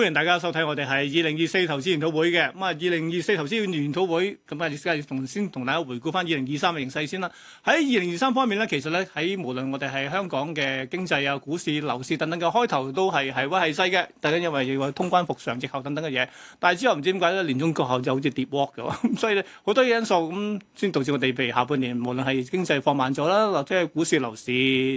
歡迎大家收睇我哋係二零二四投資研討會嘅，咁啊，二零二四投資研討會咁啊，而家先同大家回顧翻二零二三嘅形勢先啦。喺二零二三方面咧，其實咧喺無論我哋係香港嘅經濟啊、股市、樓市等等嘅開頭都係係威係勢嘅。大家因為要話通關復常之後等等嘅嘢，但係之後唔知點解咧，年中之後就好似跌波嘅喎。咁 所以咧好多嘢因素咁先導致我哋譬如下半年無論係經濟放慢咗啦，或者係股市樓市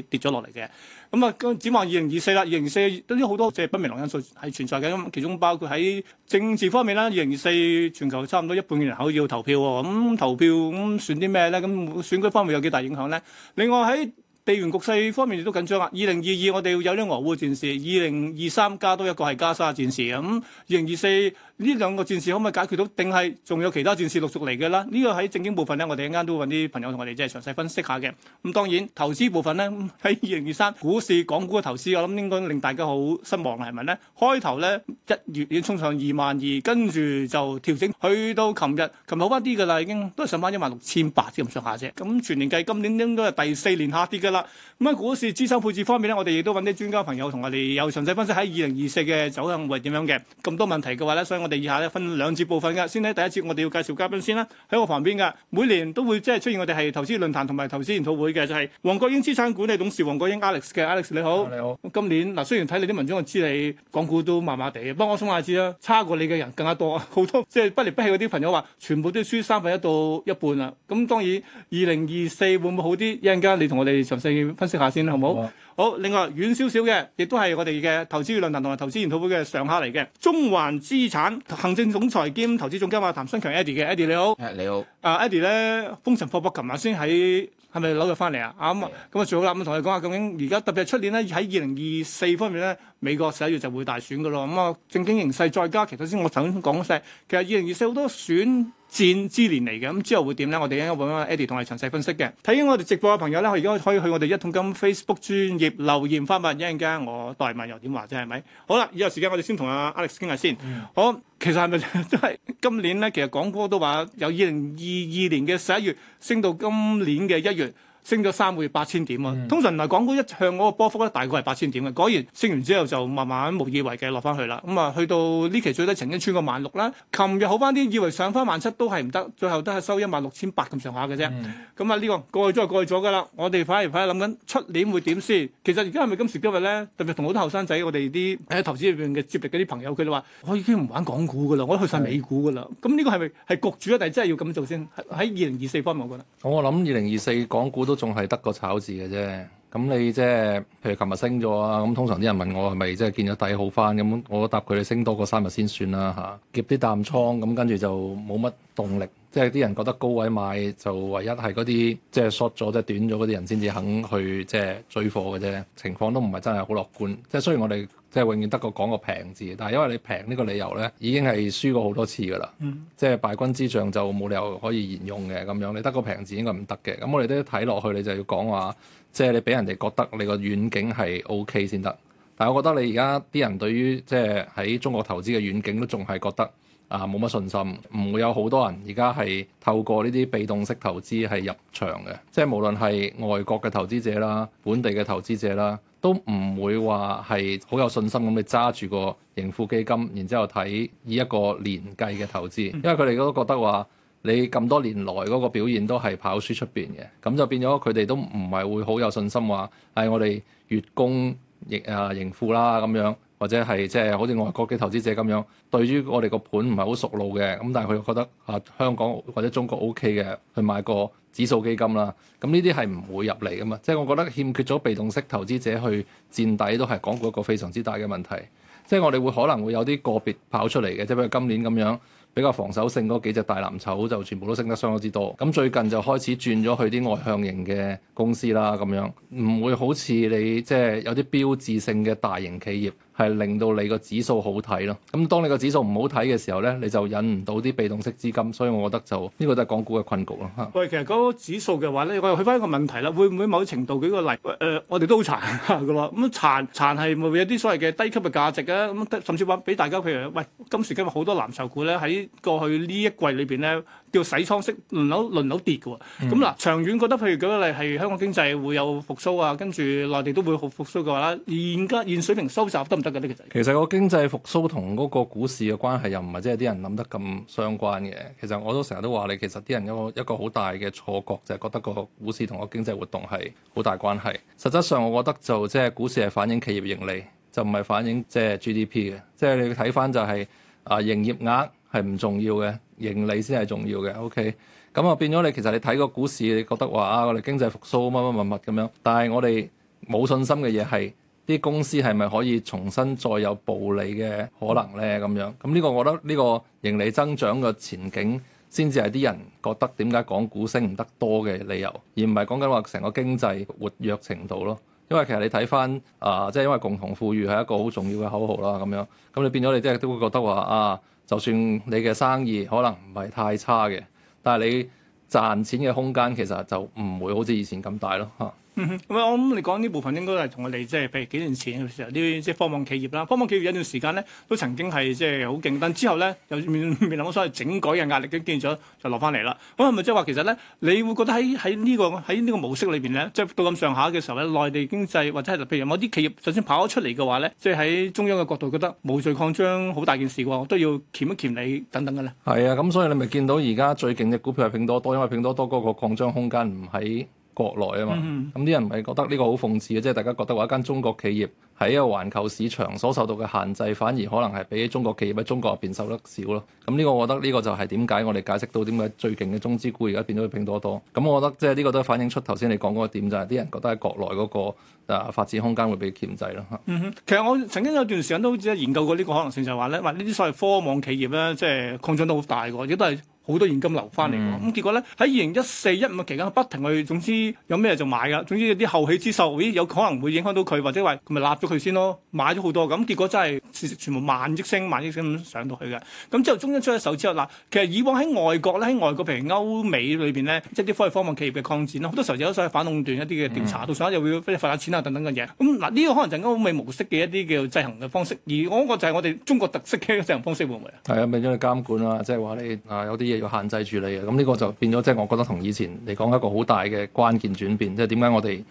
跌咗落嚟嘅。咁啊，展望二零二四啦，二零二四都有好多即係不明朗因素係存在嘅，咁其中包括喺政治方面啦，二零二四全球差唔多一半嘅人口要投票喎、哦，咁、嗯、投票咁、嗯、選啲咩咧？咁、嗯、選舉方面有幾大影響咧？另外喺地緣局勢方面亦都緊張啊，二零二二我哋有啲俄烏戰事，二零二三加多一個係加沙戰事。咁二零二四。呢兩個戰事可唔可以解決到？定係仲有其他戰事陸續嚟嘅啦？呢、呢個喺正經部分咧，我哋一間都揾啲朋友同我哋即係詳細分析下嘅。咁當然投資部分咧，喺二零二三股市、港股嘅投資，我諗應該令大家好失望係咪咧？開頭咧一月已經衝上二萬二，跟住就調整，去到琴日，琴日好翻啲嘅啦，已經都係上翻一萬六千八即咁上下啫。咁全年計今年應該係第四年下跌嘅啦。咁喺股市資產配置方面咧，我哋亦都揾啲專家朋友同我哋有詳細分析喺二零二四嘅走向會點樣嘅咁多問題嘅話咧，我哋以下咧分兩節部分嘅，先睇第一節，我哋要介紹嘉賓先啦，啊，喺我旁邊嘅，每年都會即係出現我哋係投資論壇同埋投資研討會嘅，就係、是、黃國英資產管理董事黃國英 Alex 嘅 Alex 你好。啊，你好，今年嗱雖然睇你啲文章我知你港股都麻麻地，幫我鬆下子啦，差過你嘅人更加多，好多即係、就是、不離不棄嗰啲朋友話，全部都輸三分一到一半啦，咁當然二零二四會唔會好啲？一陣間你同我哋詳細分析下先，啦，好唔好？好啊。好，另外遠少少嘅，亦都係我哋嘅投資論壇同埋投資研討會嘅常客嚟嘅中環資產行政總裁兼投資總監阿、啊、譚新強 Eddie 嘅 Eddie 你好，你好。啊、uh，Eddie 咧風塵僕僕，琴晚先喺係咪攞咗返嚟啊？啊咁的，咁啊最好啦咁同你講下，究竟而家特別係出年咧喺二零二四方面咧，美國十一月就會大選噶咯。咁、嗯、啊，正經形勢再加其，其實先我頭先講曬，其實二零二四好多選戰之年嚟嘅，咁之後會點咧？我哋應該揾阿 Eddie 同我哋詳細分析嘅。睇緊我哋直播嘅朋友咧，係而家可以去我哋一桶金 Facebook 專頁留言發問，一陣間我代問又點話啫？係咪？好啦，有時間我哋先同阿 Alex 傾下先。嗯、好，其實係咪都係今年咧？其實港股都話由二零二二年嘅十一月升到今年嘅一月。升咗三個月八千點啊！嗯、通常嚟講，港股一向嗰個波幅咧，大概係八千點嘅。果然升完之後就慢慢無以為繼落翻去啦。咁、嗯、啊，去到呢期最低曾經穿過萬六啦。琴日好翻啲，以為上翻萬七都係唔得，最後都係收一萬六千八咁上下嘅啫。咁啊、嗯，呢個過去咗就過去咗噶啦。我哋反而反而諗緊出年會點先。其實而家係咪今時今日咧，特別同好多後生仔，我哋啲投資入邊嘅接力嗰啲朋友，佢哋話：我已經唔玩港股噶啦，我都去晒美股噶啦。咁呢是、嗯嗯呢個係咪係局住一定係真係要咁做先？喺二零二四方面，我覺得我諗二零二四港股都。都仲係得個炒字嘅啫，咁你即係譬如琴日升咗啊，咁通常啲人問我係咪即係見咗底好翻咁，我答佢你升多過三日先算啦嚇，挾啲淡倉咁跟住就冇乜動力，即係啲人覺得高位買就唯一係嗰啲即係縮咗即係短咗嗰啲人先至肯去即係追貨嘅啫，情況都唔係真係好樂觀，即係雖然我哋。即係永遠得個講個平字，但係因為你平呢個理由咧，已經係輸過好多次㗎啦。嗯、即係敗軍之將就冇理由可以沿用嘅咁樣，你得個平字應該唔得嘅。咁我哋都要睇落去，你就要講話，即係你俾人哋覺得你個遠景係 OK 先得。但係我覺得你而家啲人對於即係喺中國投資嘅遠景都仲係覺得啊冇乜信心，唔會有好多人而家係透過呢啲被動式投資係入場嘅。即係無論係外國嘅投資者啦，本地嘅投資者啦。都唔會話係好有信心，咁你揸住個盈富基金，然之後睇以一個年計嘅投資，因為佢哋都覺得話你咁多年來嗰個表現都係跑輸出邊嘅，咁就變咗佢哋都唔係會好有信心話係我哋月供盈啊盈富啦咁樣。或者係即係好似外國嘅投資者咁樣，對於我哋個盤唔係好熟路嘅咁，但係佢又覺得啊香港或者中國 O K 嘅，去買個指數基金啦。咁呢啲係唔會入嚟噶嘛？即係我覺得欠缺咗被動式投資者去墊底，都係港股一個非常之大嘅問題。即係我哋會可能會有啲個別跑出嚟嘅，即係譬如今年咁樣比較防守性嗰幾隻大藍籌就全部都升得相當之多。咁最近就開始轉咗去啲外向型嘅公司啦，咁樣唔會好似你即係有啲標誌性嘅大型企業。係令到你個指數好睇咯，咁當你個指數唔好睇嘅時候咧，你就引唔到啲被動式資金，所以我覺得就呢、這個就係港股嘅困局咯嚇。喂，其實嗰個指數嘅話咧，我又去翻一個問題啦，會唔會某程度舉個例？誒、呃，我哋都好殘嘅喎，咁殘殘係咪會有啲所謂嘅低級嘅價值啊，咁甚至話俾大家譬如，喂，今時今日好多藍籌股咧喺過去呢一季裏邊咧。叫洗倉式輪流輪流跌嘅喎，咁嗱、嗯、長遠覺得譬如舉個例係香港經濟會有復甦啊，跟住內地都會好復甦嘅話咧，現今現水平收窄得唔得嘅呢個？其實個經濟復甦同嗰個股市嘅關係又唔係即係啲人諗得咁相關嘅。其實我都成日都話你，其實啲人有個一個好大嘅錯覺就係、是、覺得個股市同個經濟活動係好大關係。實質上，我覺得就即係、就是、股市係反映企業盈利，就唔係反映即係 GDP 嘅。即、就、係、是就是、你睇翻就係、是、啊營業額。係唔重要嘅，盈利先係重要嘅。OK，咁啊變咗你其實你睇個股市，你覺得話啊，我哋經濟復甦乜乜乜乜咁樣，但係我哋冇信心嘅嘢係啲公司係咪可以重新再有暴利嘅可能咧？咁樣咁呢個，我覺得呢個盈利增長嘅前景先至係啲人覺得點解講股升唔得多嘅理由，而唔係講緊話成個經濟活躍程度咯。因為其實你睇翻啊，即係因為共同富裕係一個好重要嘅口號啦，咁樣咁你變咗你即係都會覺得話啊。就算你嘅生意可能唔係太差嘅，但係你賺錢嘅空間其實就唔會好似以前咁大咯吓。唔、嗯、我諗你講呢部分應該係同我哋即係譬如幾年前嘅時候啲即係科網企業啦，科網企業有段時間咧都曾經係即係好勁，但之後咧又面面臨嗰所謂整改嘅壓力，已經變咗就落翻嚟啦。咁係咪即係話其實咧，你會覺得喺喺呢個喺呢個模式裏邊咧，即係到咁上下嘅時候咧，內地經濟或者係譬如某啲企業首先跑咗出嚟嘅話咧，即係喺中央嘅角度覺得無序擴張好大件事喎，都要鉗一鉗你等等嘅咧。係啊，咁所以你咪見到而家最勁嘅股票係拼多多，因為拼多多嗰個擴張空間唔喺。國內啊嘛，咁啲、嗯嗯、人唔係覺得呢個好諷刺嘅，即係大家覺得話一間中國企業喺一個環球市場所受到嘅限制，反而可能係比起中國企業喺中國入邊受得少咯。咁、嗯、呢個我覺得呢個就係點解我哋解釋到點解最勁嘅中資股而家變咗去拼多多。咁、嗯、我覺得即係呢個都反映出頭先你講嗰個點，就係、是、啲人覺得喺國內嗰個誒發展空間會被牽制咯。嗯哼、嗯，其實我曾經有段時間都好似研究過呢個可能性就，就係話咧，話呢啲所謂科網企業咧，即係擴張得好大嘅，亦都係。好多現金流翻嚟喎，咁、嗯、結果咧喺二零一四一五嘅期間，不停去總，總之有咩就買噶啦。總之有啲後起之秀，咦有可能會影響到佢，或者話咪立咗佢先咯，買咗好多咁，結果真係全部萬億升萬億升咁上到去嘅。咁之後中央出咗手之後嗱，其實以往喺外國咧，喺外國譬如歐美裏邊咧，即係啲科技科網企業嘅擴展咯，好多時候有咗所謂反壟斷一啲嘅調查，到時候又會俾你罰下錢啊等等嘅嘢。咁嗱，呢個可能就係歐美模式嘅一啲嘅制衡嘅方式，而我嗰個就係我哋中國特色嘅制衡方式會唔會啊？係啊，咪因為監管啊，即係話你啊、呃、有啲。要限制住你嘅，咁呢個就變咗，即、就、係、是、我覺得同以前嚟講一個好大嘅關鍵轉變。即係點解我哋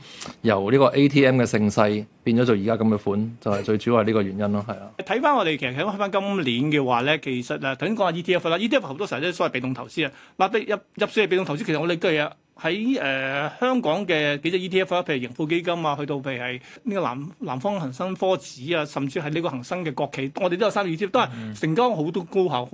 由呢個 ATM 嘅盛世變咗做而家咁嘅款，就係、是、最主要係呢個原因咯，係啊。睇翻我哋其實喺翻今年嘅話咧，其實啊，頭先講下 ETF 啦，ETF 好多時候都係所謂被動投資啊。嗱，入入市嘅被動投資，其實我哋都係啊，喺、呃、誒香港嘅幾隻 ETF，譬如盈富基金啊，去到譬如係呢個南南方恒生科指啊，甚至係呢個恒生嘅國企，我哋都有三隻 ETF，都係成交好多高效。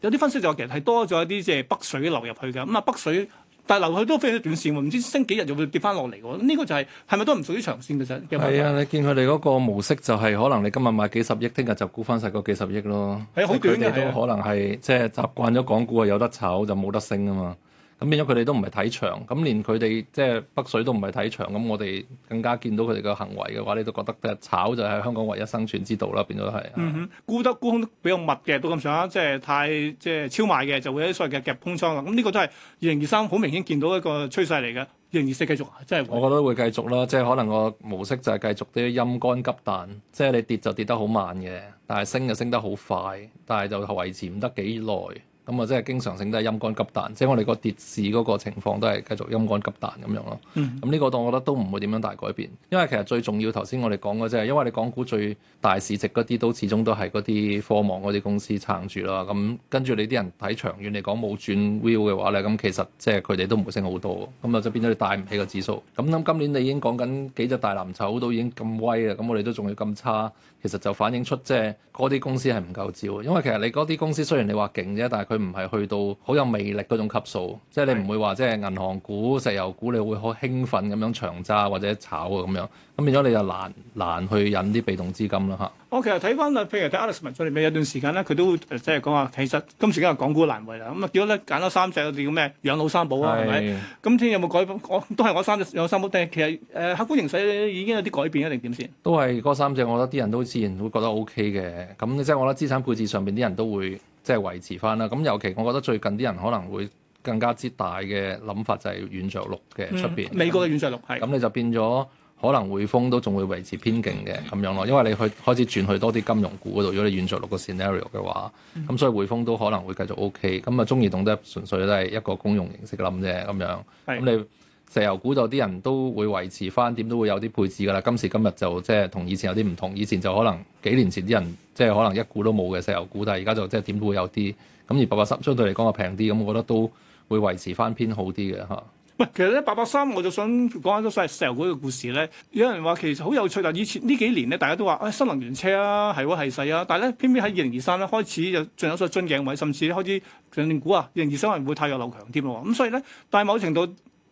有啲分析就話其實係多咗一啲即係北水流入去嘅，咁啊北水，但係流去都非常之短線喎，唔知升幾日就會跌翻落嚟喎，呢、呢個就係係咪都唔屬於長線嘅啫？係啊，你見佢哋嗰個模式就係、係、可能你今日買幾十億，聽日就沽翻曬嗰幾十億咯。係好、啊、短嘅都可能係即係習慣咗港股啊，有得炒就冇得升啊嘛。咁變咗佢哋都唔係睇長，咁連佢哋即係北水都唔係睇長，咁我哋更加見到佢哋嘅行為嘅話，你都覺得即係炒就係香港唯一生存之道啦，變咗都係。嗯哼，沽得、沽空都比較密嘅，都咁想即係太即係超賣嘅，就會有所謂嘅夾空倉啦。咁呢個都係二零二三好明顯見到一個趨勢嚟嘅。二零二四繼續即係。我覺得會繼續啦，即係可能個模式就係繼續啲陰乾急彈，即係你跌就跌得好慢嘅，但係升就升得好快，但係就維持唔得幾耐。咁啊，即係經常性都係陰乾急彈，即係我哋個跌市嗰個情況都係繼續陰乾急彈咁樣咯。咁呢、嗯、個我覺得都唔會點樣大改變，因為其實最重要頭先我哋講即啫，因為你港股最大市值嗰啲都始終都係嗰啲科網嗰啲公司撐住啦。咁、嗯、跟住你啲人睇長遠嚟講冇轉 view 嘅話咧，咁、嗯、其實即係佢哋都唔會升好多。咁、嗯、啊，就係變咗你帶唔起個指數。咁、嗯、諗、嗯、今年你已經講緊幾隻大藍籌都已經咁威啊，咁、嗯、我哋都仲要咁差，其實就反映出即係嗰啲公司係唔夠招。因為其實你嗰啲公司雖然你話勁啫，但係佢唔係去到好有魅力嗰種級數，即係你唔會話即係銀行股、石油股，你會好興奮咁樣長揸或者炒啊咁樣。咁變咗你就難難去引啲被動資金啦嚇。我其實睇翻啊，譬如睇 Alex 文出嚟未有段時間咧，佢都、呃、即係講話，其實今時今日港股難為啦。咁、嗯、啊，結果咧揀咗三隻叫咩養老三寶啊，係咪？今天有冇改？我都係我三隻養老三寶。即係的其實誒、呃，客觀形勢已經有啲改變啊，定點先？都係嗰三隻，我覺得啲人都自然都會覺得 O K 嘅。咁即係我覺得資產配置上邊啲人都會。即係維持翻啦，咁尤其我覺得最近啲人可能會更加之大嘅諗法就係軟着陸嘅出邊，美國嘅軟着陸係。咁你就變咗，是可能匯豐都仲會維持偏勁嘅咁樣咯，因為你去開始轉去多啲金融股嗰度，如果你軟着陸個 scenario 嘅話，咁、嗯嗯、所以匯豐都可能會繼續 OK。咁啊，中移動咧純粹都係一個公用形式嘅諗啫，咁樣咁是你。石油股就啲人都會維持翻，點都會有啲配置噶啦。今時今日就即係同以前有啲唔同，以前就可能幾年前啲人即係可能一股都冇嘅石油股，但係而家就即係點都會有啲咁，而八八三相對嚟講又平啲，咁我覺得都會維持翻偏好啲嘅嚇。唔，其實咧，八八三我就想講翻咗西石油股嘅故事咧，有人話其實好有趣啊。以前呢幾年咧大家都話誒、哎、新能源車啊係喎係勢啊，但係咧偏偏喺二零二三咧開始就仲有所樽頸位，甚至開始能源股啊，二零二三係唔會太弱流強添喎。咁所以咧，但係某程度。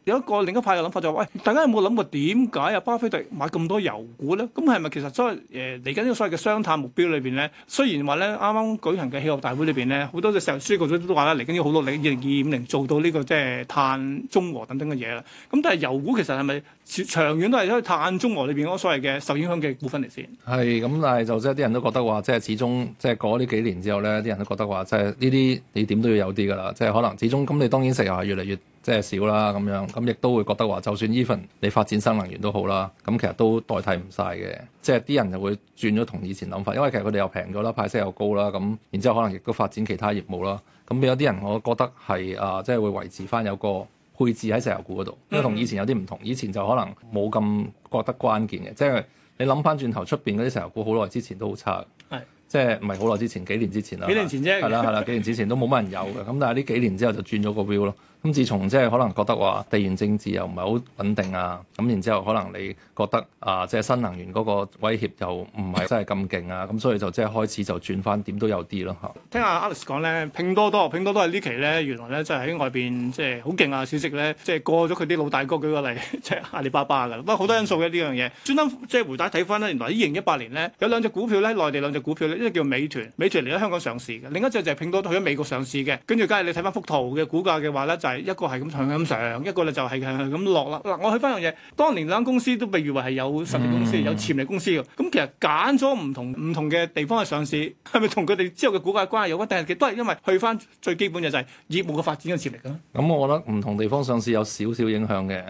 有一個另一派嘅諗法就係話，喂，大家有冇諗過點解啊？巴菲特買咁多油股咧？咁係咪其實即係誒嚟緊呢個所謂嘅雙碳目標裏邊咧？雖然話咧，啱啱舉行嘅氣候大會裏邊咧，好多嘅石油輸出國都都話啦，嚟緊要好努力，二零二五零做到呢個即係碳中和等等嘅嘢啦。咁但係油股其實係咪長遠都係喺碳中和裏邊嗰個所謂嘅受影響嘅股份嚟先？係咁 s，但係就即係啲人都覺得話，即係始終即係過咗呢幾年之後咧，啲人都覺得話，即係呢啲你點都要有啲噶啦。即係可能始終咁，你當然石油係越嚟越。即係少啦咁樣，咁亦都會覺得話，就算 Even 你發展新能源都好啦，咁其實都代替唔晒嘅。即係啲人就會轉咗同以前諗法，因為其實佢哋又平咗啦，派息又高啦，咁然之後可能亦都發展其他業務啦。咁有啲人我覺得係啊、呃，即係會維持翻有個配置喺石油股嗰度，因為同以前有啲唔同。以前就可能冇咁覺得關鍵嘅，即係你諗翻轉頭出邊嗰啲石油股好耐的之前都好差，係即係唔係好耐之前幾年之前啦，幾年前啫，係啦係啦，幾年之前都冇乜人有嘅。咁 但係呢幾年之後就轉咗個 view 咯。咁自從即係可能覺得話地緣政治又唔係好穩定啊，咁然之後可能你覺得啊，即係新能源嗰個威脅又唔係真係咁勁啊，咁所以就即係開始就轉翻點都有啲咯嚇。聽阿 Alex 講咧，拼多多，拼多多喺呢期咧原來咧即係喺外邊即係好勁啊，消息咧即係過咗佢啲老大哥，舉個例即係 阿里巴巴噶。不過好多因素嘅呢樣嘢，專登即係回帶睇翻咧，原來二零一八年咧有兩隻股票咧，內地兩隻股票咧，一個叫美團，美團嚟咗香港上市嘅，另一隻就係拼多多去咗美國上市嘅。跟住梗係你睇翻幅圖嘅股價嘅話咧，就係。一個係咁上咁上，一個咧就係係咁落啦。嗱，我去翻樣嘢，當年兩間公司都被譽為係有實力公司、有潛力公司嘅。咁其實揀咗唔同唔同嘅地方去上市，係咪同佢哋之後嘅股價關係有關？定係都係因為去翻最基本嘅就係業務嘅發展嘅潛力啦。咁、嗯、我覺得唔同地方上市有少少影響嘅。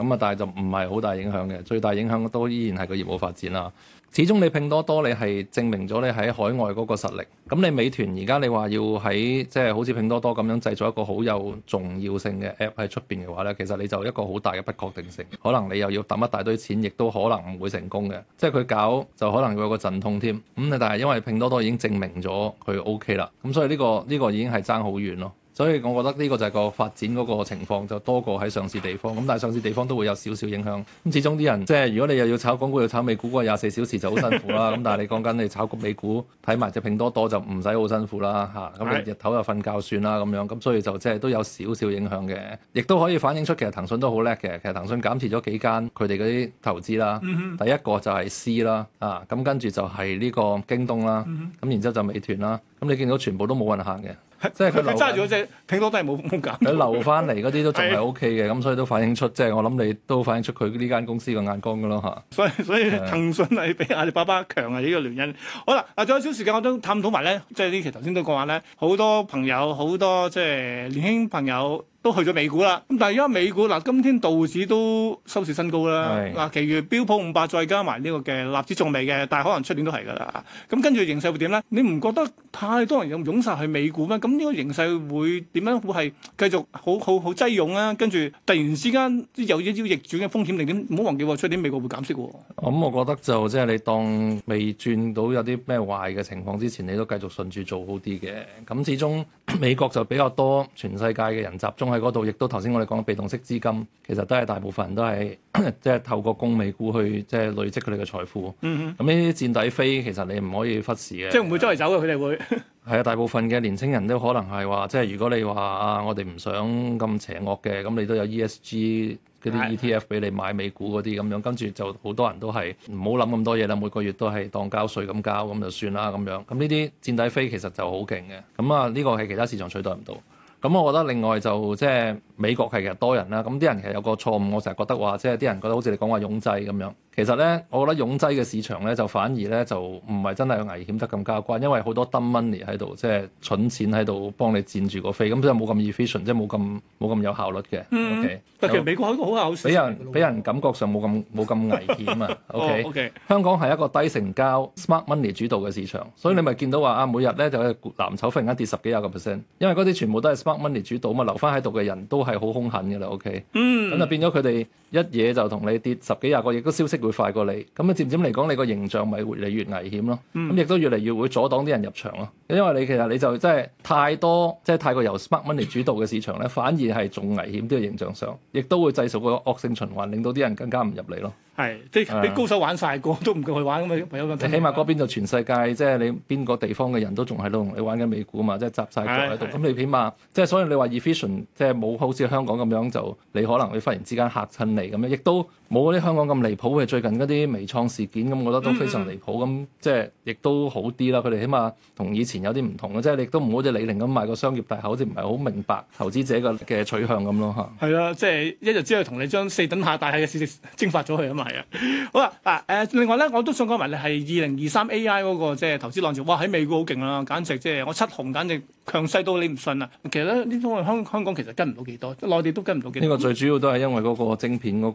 咁啊，但係就唔係好大影響嘅，最大影響都依然係個業務發展啦。始終你拼多多你係證明咗你喺海外嗰個實力。咁你美團而家你話要喺即係好似拼多多咁樣製造一個好有重要性嘅 app 喺出邊嘅話呢，其實你就一個好大嘅不確定性。可能你又要抌一大堆錢，亦都可能唔會成功嘅。即係佢搞就可能會有個陣痛添。咁但係因為拼多多已經證明咗佢 OK 啦，咁所以呢個呢個已經係爭好遠咯。所以我覺得呢個就係個發展嗰個情況就多過喺上市地方，咁但係上市地方都會有少少影響。咁始終啲人即係如果你又要炒港股要炒美股嘅廿四小時就好辛苦啦。咁 但係你講緊你炒股美股睇埋隻拼多多就唔使好辛苦啦嚇。咁、啊、你日頭就瞓覺算啦咁樣。咁所以就即係都有少少影響嘅，亦都可以反映出其實騰訊都好叻嘅。其實騰訊減持咗幾間佢哋嗰啲投資啦。第一個就係 C 啦啊，咁跟住就係呢個京東啦。咁、啊、然之後就美團啦。咁你見到全部都冇運行嘅。即係佢揸住嗰隻拼多多係冇冇減，佢留翻嚟嗰啲都仲係 OK 嘅，咁 是的 所以都反映出即係、就是、我諗你都反映出佢呢間公司嘅眼光嘅咯嚇。所以所以騰訊係比阿里巴巴強啊，呢、呢個原因的好啦，嗱仲有少時間，我都探討埋咧，即係呢期頭先都講話咧，好多朋友好多即係、就是、年輕朋友。都去咗美股啦，咁但係而家美股嗱，今天道指都收市新高啦。嗱是，其餘標普五百再加埋呢個嘅納指仲未嘅，但係可能出年都係㗎啦。咁、嗯、跟住形勢會點咧？你唔覺得太多人又湧曬去美股咩？咁、嗯、呢、這個形勢會點樣？會係繼續好好好，好擠擁啊？跟住突然之間有呢招逆轉嘅風險嚟嘅，唔好忘記喎，出年美國會減息喎。咁、嗯，我，我覺得就即係、就是、你當未轉到有啲咩壞嘅情況之前，你都繼續順住做好啲嘅。咁始終。美國就比較多，全世界嘅人集中喺嗰度，亦都頭先我哋講嘅被動式資金，其實都係大部分人都係即係透過供美股去即係累積佢哋嘅財富。嗯嗯。咁呢啲墊底飛，其實你唔可以忽視嘅，即係唔會周圍走嘅，佢哋會。 係啊，大部分嘅年輕人都可能係話，即係如果你話啊，我哋唔想咁邪惡嘅，咁你都有 ESG 嗰啲 ETF 俾你買美股嗰啲咁樣，跟住就好多人都係唔好諗咁多嘢啦，每個月都係當交稅咁交，咁就算啦咁樣。咁呢啲戰底飛其實就好勁嘅，咁，啊呢個係其他市場取代唔到。咁我覺得另外就即係。美國係其實多人啦，咁啲人其實有個錯誤，我成日覺得話，即係啲人覺得好似你講話擁擠咁樣。其實咧，我覺得擁擠嘅市場咧就反而咧就唔係真係有危險得咁交關，因為好多 dumb money 喺度，即係蠢錢喺度幫你佔住個飛，咁即係冇咁 efficient，即係冇咁冇咁有效率嘅。嗯。Okay, 但其實美國係一個好搞笑，俾人俾人感覺上冇咁冇咁危險啊。O K O K。okay. 香港係一個低成交 smart money 主導嘅市場，所以你咪見到話啊，每日咧就藍籌忽然間跌十幾廿個 percent，因為嗰啲全部都係 smart money 主導嘛，留翻喺度嘅人都係。係好凶狠嘅啦，OK，咁就變咗佢哋。 一嘢就同你跌十幾廿個，亦都消息會快過你。咁啊，漸漸嚟講，你個形象咪越嚟越危險咯。咁亦、嗯、都越嚟越會阻擋啲人入場咯。因為你其實你就真係太多，即係太過由 smart money 主導嘅市場咧，反而係仲危險啲嘅形象上，亦都會製造個惡性循環，令到啲人更加唔入嚟咯。係，即係你高手玩晒個、uh, 都唔夠佢玩咁啊，咪有咁。是你起碼嗰邊就全世界，即係你邊個地方嘅人都仲喺度同你玩緊美股嘛，即係集晒腳喺度。咁你起碼即係所以你話 efficient，即係冇好似香港咁樣就你可能你忽然之間嚇親。嚟咁樣，亦都。冇嗰啲香港咁離譜，嘅，最近嗰啲微創事件，咁我覺得都非常離譜。咁即係亦都好啲啦，佢哋起碼同以前有啲唔同咯。即係亦都唔好似李寧咁賣個商業大廈，好似唔係好明白投資者嘅嘅取向咁咯嚇。係、嗯、啊，即係一日之內同你將四等下大下嘅市值蒸發咗佢咁嘛。係啊。好啦、啊，嗱、啊、誒，另外咧我都想講埋你係二零二三 AI 嗰、那個即係投資浪潮，哇喺美國好勁啊，簡直即係我七雄，簡直強勢到你唔信啊！其實咧呢方面香香港其實跟唔到幾多，內地都跟唔到幾多。呢個最主要都係因為嗰個晶片嗰、那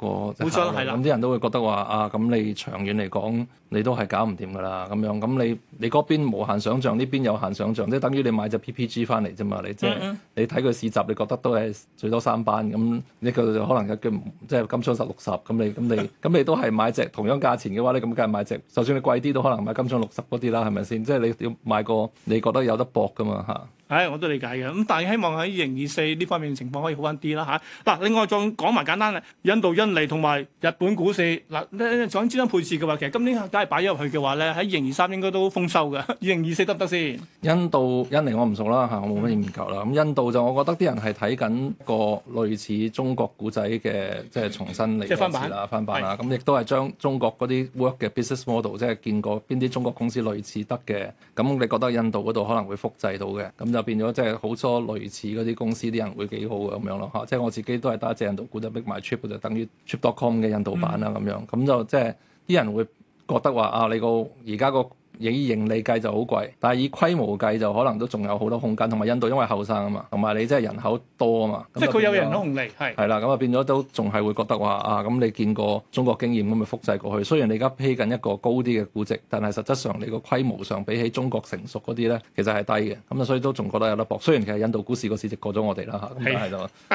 個。咁啲人都會覺得話啊，咁你長遠嚟講，你都係搞唔掂噶啦。咁樣咁你你嗰邊無限想象，呢邊有限想象，即係等於你買隻 PPG 翻嚟啫嘛。你即係你睇佢市集，你覺得都係最多三班咁，你個就可能一嘅即係金槍十六十咁。你咁你咁你，你都係買隻同樣價錢嘅話，你咁梗係買隻就算你貴啲都可能買金槍六十嗰啲啦，係咪先？即係你要買個你覺得有得搏噶嘛嚇。誒、哎，我都理解嘅。咁但係希望喺二零二四呢方面情況可以好翻啲啦吓，嗱，另外仲講埋簡單嘅，印度、印尼同埋日本股市嗱，講資產配置嘅話，其實今年梗係擺咗入去嘅話咧，喺二零二三應該都豐收嘅。二零二四得唔得先？印度、印尼我唔熟啦嚇，嗯、我冇乜研究啦。咁、嗯、印度就我覺得啲人係睇緊個類似中國故仔嘅，即係重新嚟即係翻版啦，翻版啦。咁亦是都係將中國嗰啲 work 嘅 business model，即係見過邊啲中國公司類似得嘅，咁你覺得印度嗰度可能會複製到嘅咁。就變咗即係好多類似嗰啲公司啲人會幾好嘅咁樣咯，嚇、啊，即係我自己都係打印度股都逼埋 trip，就等於 trip.com 嘅印度版啦咁、嗯、樣，咁就即係啲人會覺得話啊，你個而家個。以盈利計就好貴，但係以規模計就可能都仲有好多空間。同埋印度因為後生啊嘛，同埋你真係人口多啊嘛，即係佢有人口紅利係。係啦，咁啊變咗都仲係會覺得話啊，咁你見過中國經驗咁咪複製過去。雖然你而家披緊一個高啲嘅估值，但係實質上你個規模上比起中國成熟嗰啲咧，其實係低嘅。咁啊，所以都仲覺得有得搏。雖然其實印度股市個市值過咗我哋啦嚇，咁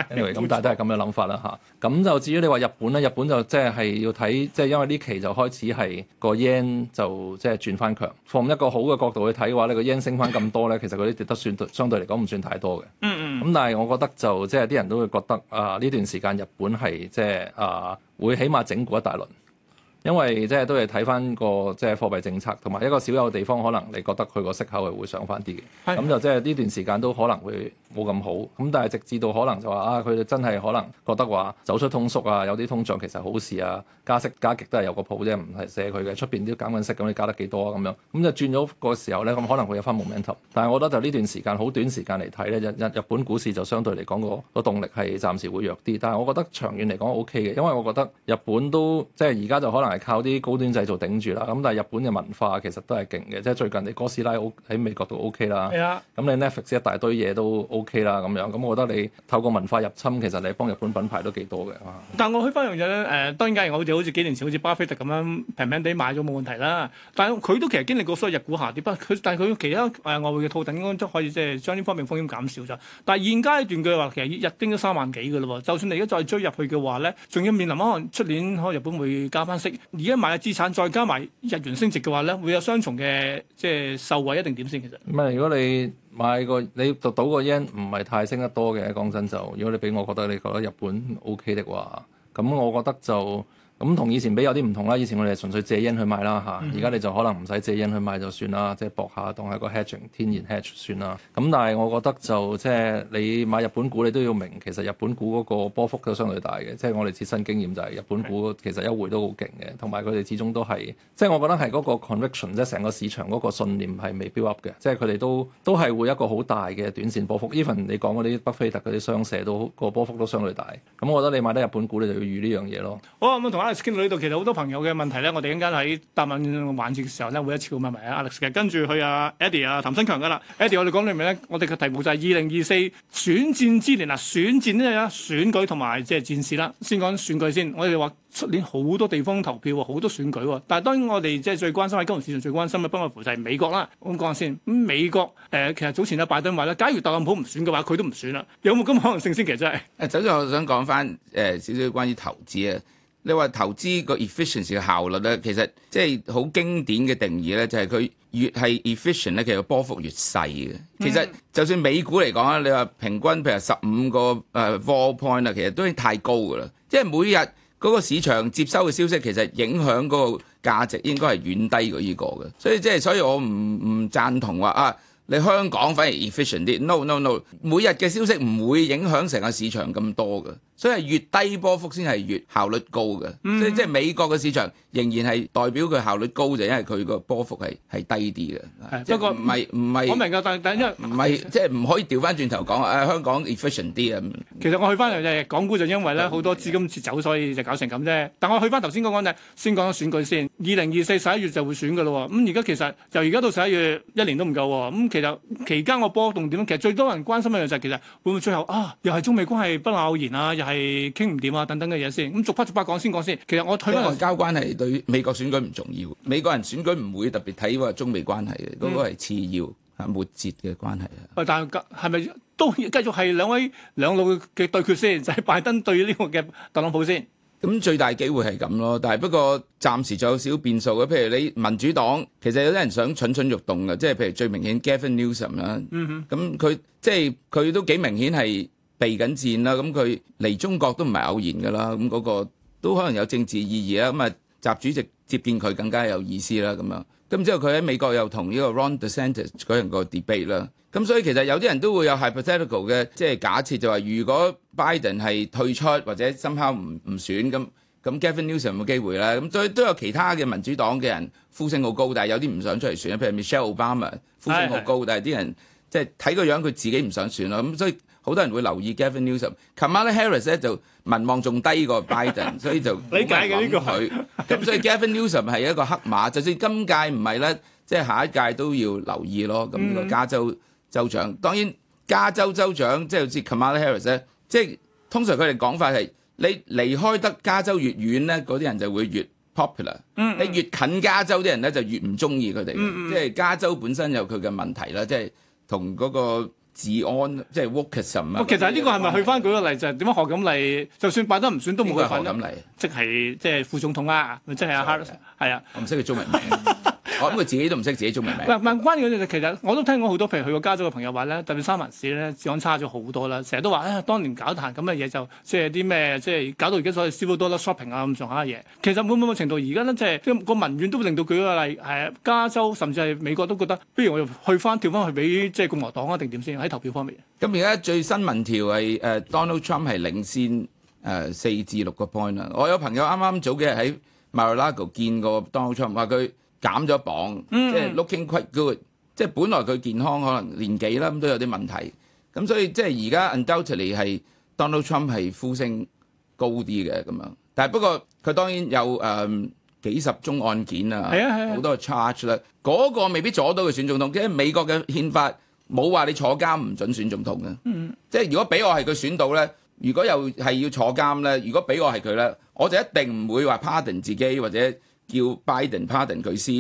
係咁大家都係咁嘅諗法啦嚇。咁、啊、就至於你話日本咧，日本就即係係要睇，即、就、係、係、因為呢期就開始係個 yen 就即係轉翻強。放一個好嘅角度去睇嘅話呢個 yen 升翻咁多咧，其實佢啲跌得算相對嚟講唔算太多嘅。嗯嗯。咁但係我覺得就即係啲人都會覺得啊，呢、呃、段時間日本係即係啊，會起碼整過一大輪。因為即係都係睇翻個即係貨幣政策，同埋一個少有地方，可能你覺得佢個息口係會上翻啲嘅，咁的、嗯、就即係呢段時間都可能會冇咁好。咁但係直至到可能就話啊，佢哋真係可能覺得話走出通縮啊，有啲通脹其實好事啊，加息加極都係有個譜啫，唔係寫佢嘅。出邊啲減緊息咁，你加得幾多啊？咁樣咁、嗯、就轉咗個時候呢，咁、嗯、可能會有翻 momentum。但係我覺得就呢段時間好短時間嚟睇呢，日日本股市就相對嚟講個個動力係暫時會弱啲。但係我覺得長遠嚟講 O K 嘅，因為我覺得日本都即係而家就可能。係靠啲高端製造頂住啦，咁但係日本嘅文化其實都係勁嘅，即、就、係、是、最近你哥斯拉喺美國都 O K 啦，咁的你 Netflix 一大堆嘢都 O K 啦，咁樣咁、嗯、我覺得你透過文化入侵，其實你幫日本品牌都幾多嘅。啊、但我去翻樣嘢咧，誒、呃、當然假如我哋好似幾年前好似巴菲特咁樣平平地買咗冇問題啦，但係佢都其實經歷過所以日股下跌不過佢，但係佢其他誒外匯嘅套戥都可以即係將呢方面風險減少咗。但係現階段嘅話，其實日經都三萬幾嘅嘞喎，就算你而家再追入去嘅話咧，仲要面臨可能出年可能日本會加翻息。而家買嘅資產再加埋日元升值嘅話咧，會有雙重嘅即係受惠，一定點先其實？唔係如果你買個你讀到個 yen 唔係太升得多嘅，講真就如果你俾我覺得你覺得日本 OK 的話，咁我覺得就。咁同以前比有啲唔同啦，以前我哋純粹借因去買啦嚇，而家你就可能唔使借因去買就算啦，嗯、即係博下當係個 hedging 天然 hedge 算啦。咁但係我覺得就即係你買日本股，你都要明其實日本股嗰個波幅都相對大嘅。即係我哋切身經驗就係日本股其實一回都好勁嘅，同埋佢哋始終都係即係我覺得係嗰個 conviction 即係成個市場嗰個信念係未 build up 嘅，即係佢哋都都係會一個好大嘅短線波幅。Even 你講嗰啲北非特嗰啲商社都、嗰個波幅都相對大，咁我覺得你買得日本股你就要預呢樣嘢咯。好，我同傾到呢度，其實好多朋友嘅問題咧，我哋依家喺答問環節嘅時候咧，會一齊問埋阿 Alex 嘅、啊，跟住去阿 Eddie 啊、譚新強噶啦。Eddie，我哋講裡面咧，我哋嘅題目就係二零二四選戰之年啊！選戰咧，選舉同埋即係戰事啦。先講，講選舉先，我哋話出年好多地方投票，好多選舉，但係當然我哋即係最關心喺金融市場最關心嘅不外乎就係美國啦。咁講下先，美國誒、呃，其實早前阿拜登話咧，假如特朗普唔選嘅話，佢都唔選啦。有冇咁可能性先？其實真係誒，首先我想講翻誒少少關於投資啊。你話投資個 efficiency 嘅效率咧，其實即係好經典嘅定義咧，就係、是、佢越係 efficient 咧，其實波幅越細嘅。其實就算美股嚟講啦，你話平均譬如十五個誒、uh, four point 啊，其實都已經太高㗎啦。即係每日嗰個市場接收嘅消息，其實影響嗰個價值應該係遠低過呢個嘅。所以即係所以我唔唔贊同話啊，你香港反而 efficient 啲？No no no，每日嘅消息唔會影響成個市場咁多㗎。所以越低波幅先係越效率高嘅，嗯、所以即係美國嘅市場仍然係代表佢效率高就，因為佢個波幅係係低啲嘅。是不過唔係唔係，嗯、是我明㗎，但係但因為唔係即係唔可以調翻轉頭講啊！香港 efficient 啲啊！嗯、其實我去翻嚟就港股就因為咧好、嗯、多資金撤走，所以就搞成咁啫。但我去翻頭先講講，先講咗選舉先。二零二四十一月就會選嘅咯喎，咁而家其實由而家到十一月一年都唔夠喎，咁、嗯、其實期間個波動點？其實最多人關心嘅就係、是、其實會唔會最後啊，又係中美關係不拗然啊，係傾唔掂啊！等等嘅嘢先，咁、嗯、逐筆逐筆講先講先。其實我推外交關係對美國選舉唔重要，嗯、美國人選舉唔會特別睇嗰中美關係嘅，嗰、那個係次要啊末節嘅關係啊。嗯、但係係咪都繼續係兩位兩路嘅對決先？就係、是、拜登對呢個嘅特朗普先。咁、嗯、最大機會係咁咯，但係不過暫時就有少少變數嘅。譬如你民主黨其實有啲人想蠢蠢欲動嘅，即係譬如最明顯 Gavin Newsom 啦、嗯哼，咁佢即係佢都幾明顯係。避緊戰啦，咁佢嚟中國都唔係偶然噶啦，咁嗰個都可能有政治意義啦，咁啊習主席接見佢更加有意思啦，咁啊，咁之後佢喺美國又同呢個 Ron DeSantis 嗰人個 debate 啦，咁所以其實有啲人都會有 hypothetical 嘅，即係假設就話如果 Biden 係退出或者 somehow 唔唔選咁，咁 Gavin Newsom 有冇機會啦？咁都都有其他嘅民主黨嘅人呼聲好高，但係有啲唔想出嚟選，譬如 Michelle Obama 呼聲好高，的但係啲人即係睇個樣佢自己唔想選咯，咁所以。好多人會留意 Gavin Newsom，Kamala Harris 咧就民望仲低過 Biden， 所以就理解揾咗佢。咁 所以 Gavin Newsom 係一個黑馬，就算今屆唔係咧，即係下一屆都要留意咯。咁呢個加州州長，當然加州州長即係好似 Kamala Harris 咧，即係通常佢哋講法係，你離開得加州越遠咧，嗰啲人就會越 popular。你越近加州啲人咧，就越唔中意佢哋。即係加州本身有佢嘅問題啦，即係同嗰個。治安即係、就是、workism 咁啊！其實呢個係咪去翻舉個例就係點樣？賀錦麗，就算拜登唔選都冇嘅，賀錦麗，即係即係副總統啊！咪即係阿 Harris。係啊！我唔識佢中文名。 咁佢自己都唔識自己中文名？唔係關鍵嗰啲其實我都聽過好多，譬如去過加州嘅朋友話咧，特別三藩市咧治安差咗好多啦，成日都話咧，當年搞壇咁嘅嘢就即係啲咩，即、就、係、是、搞到而家所謂少好多啦 shopping 啊咁上下嘅嘢。其實冇冇冇程度，而家咧即係個民怨都會令到佢個例，誒、uh, 加州甚至係美國都覺得，不如我又去翻調翻去俾即係共和黨啊，定點先喺投票方面。咁而家最新民調係誒、uh, Donald Trump 係領先誒四至六個 point 啊！我有朋友啱啱早幾日喺 Mar-a-Lago 見過 Donald Trump，話佢。減咗磅，嗯、即係 looking quite good。即係本來佢健康可能年紀啦，咁都有啲問題。咁所以即係而家 undoubtedly 係 Donald Trump 係呼聲高啲嘅咁樣。但係不過佢當然有誒、嗯、幾十宗案件啊，好、啊、多 charge 啦。嗰、啊啊、個未必阻到佢選總統，即係美國嘅憲法冇話你坐監唔准選總統嘅。嗯、即係如果俾我係佢選到咧，如果又係要坐監咧，如果俾我係佢咧，我就一定唔會話 pardon 自己或者。叫 Biden pardon 佢先，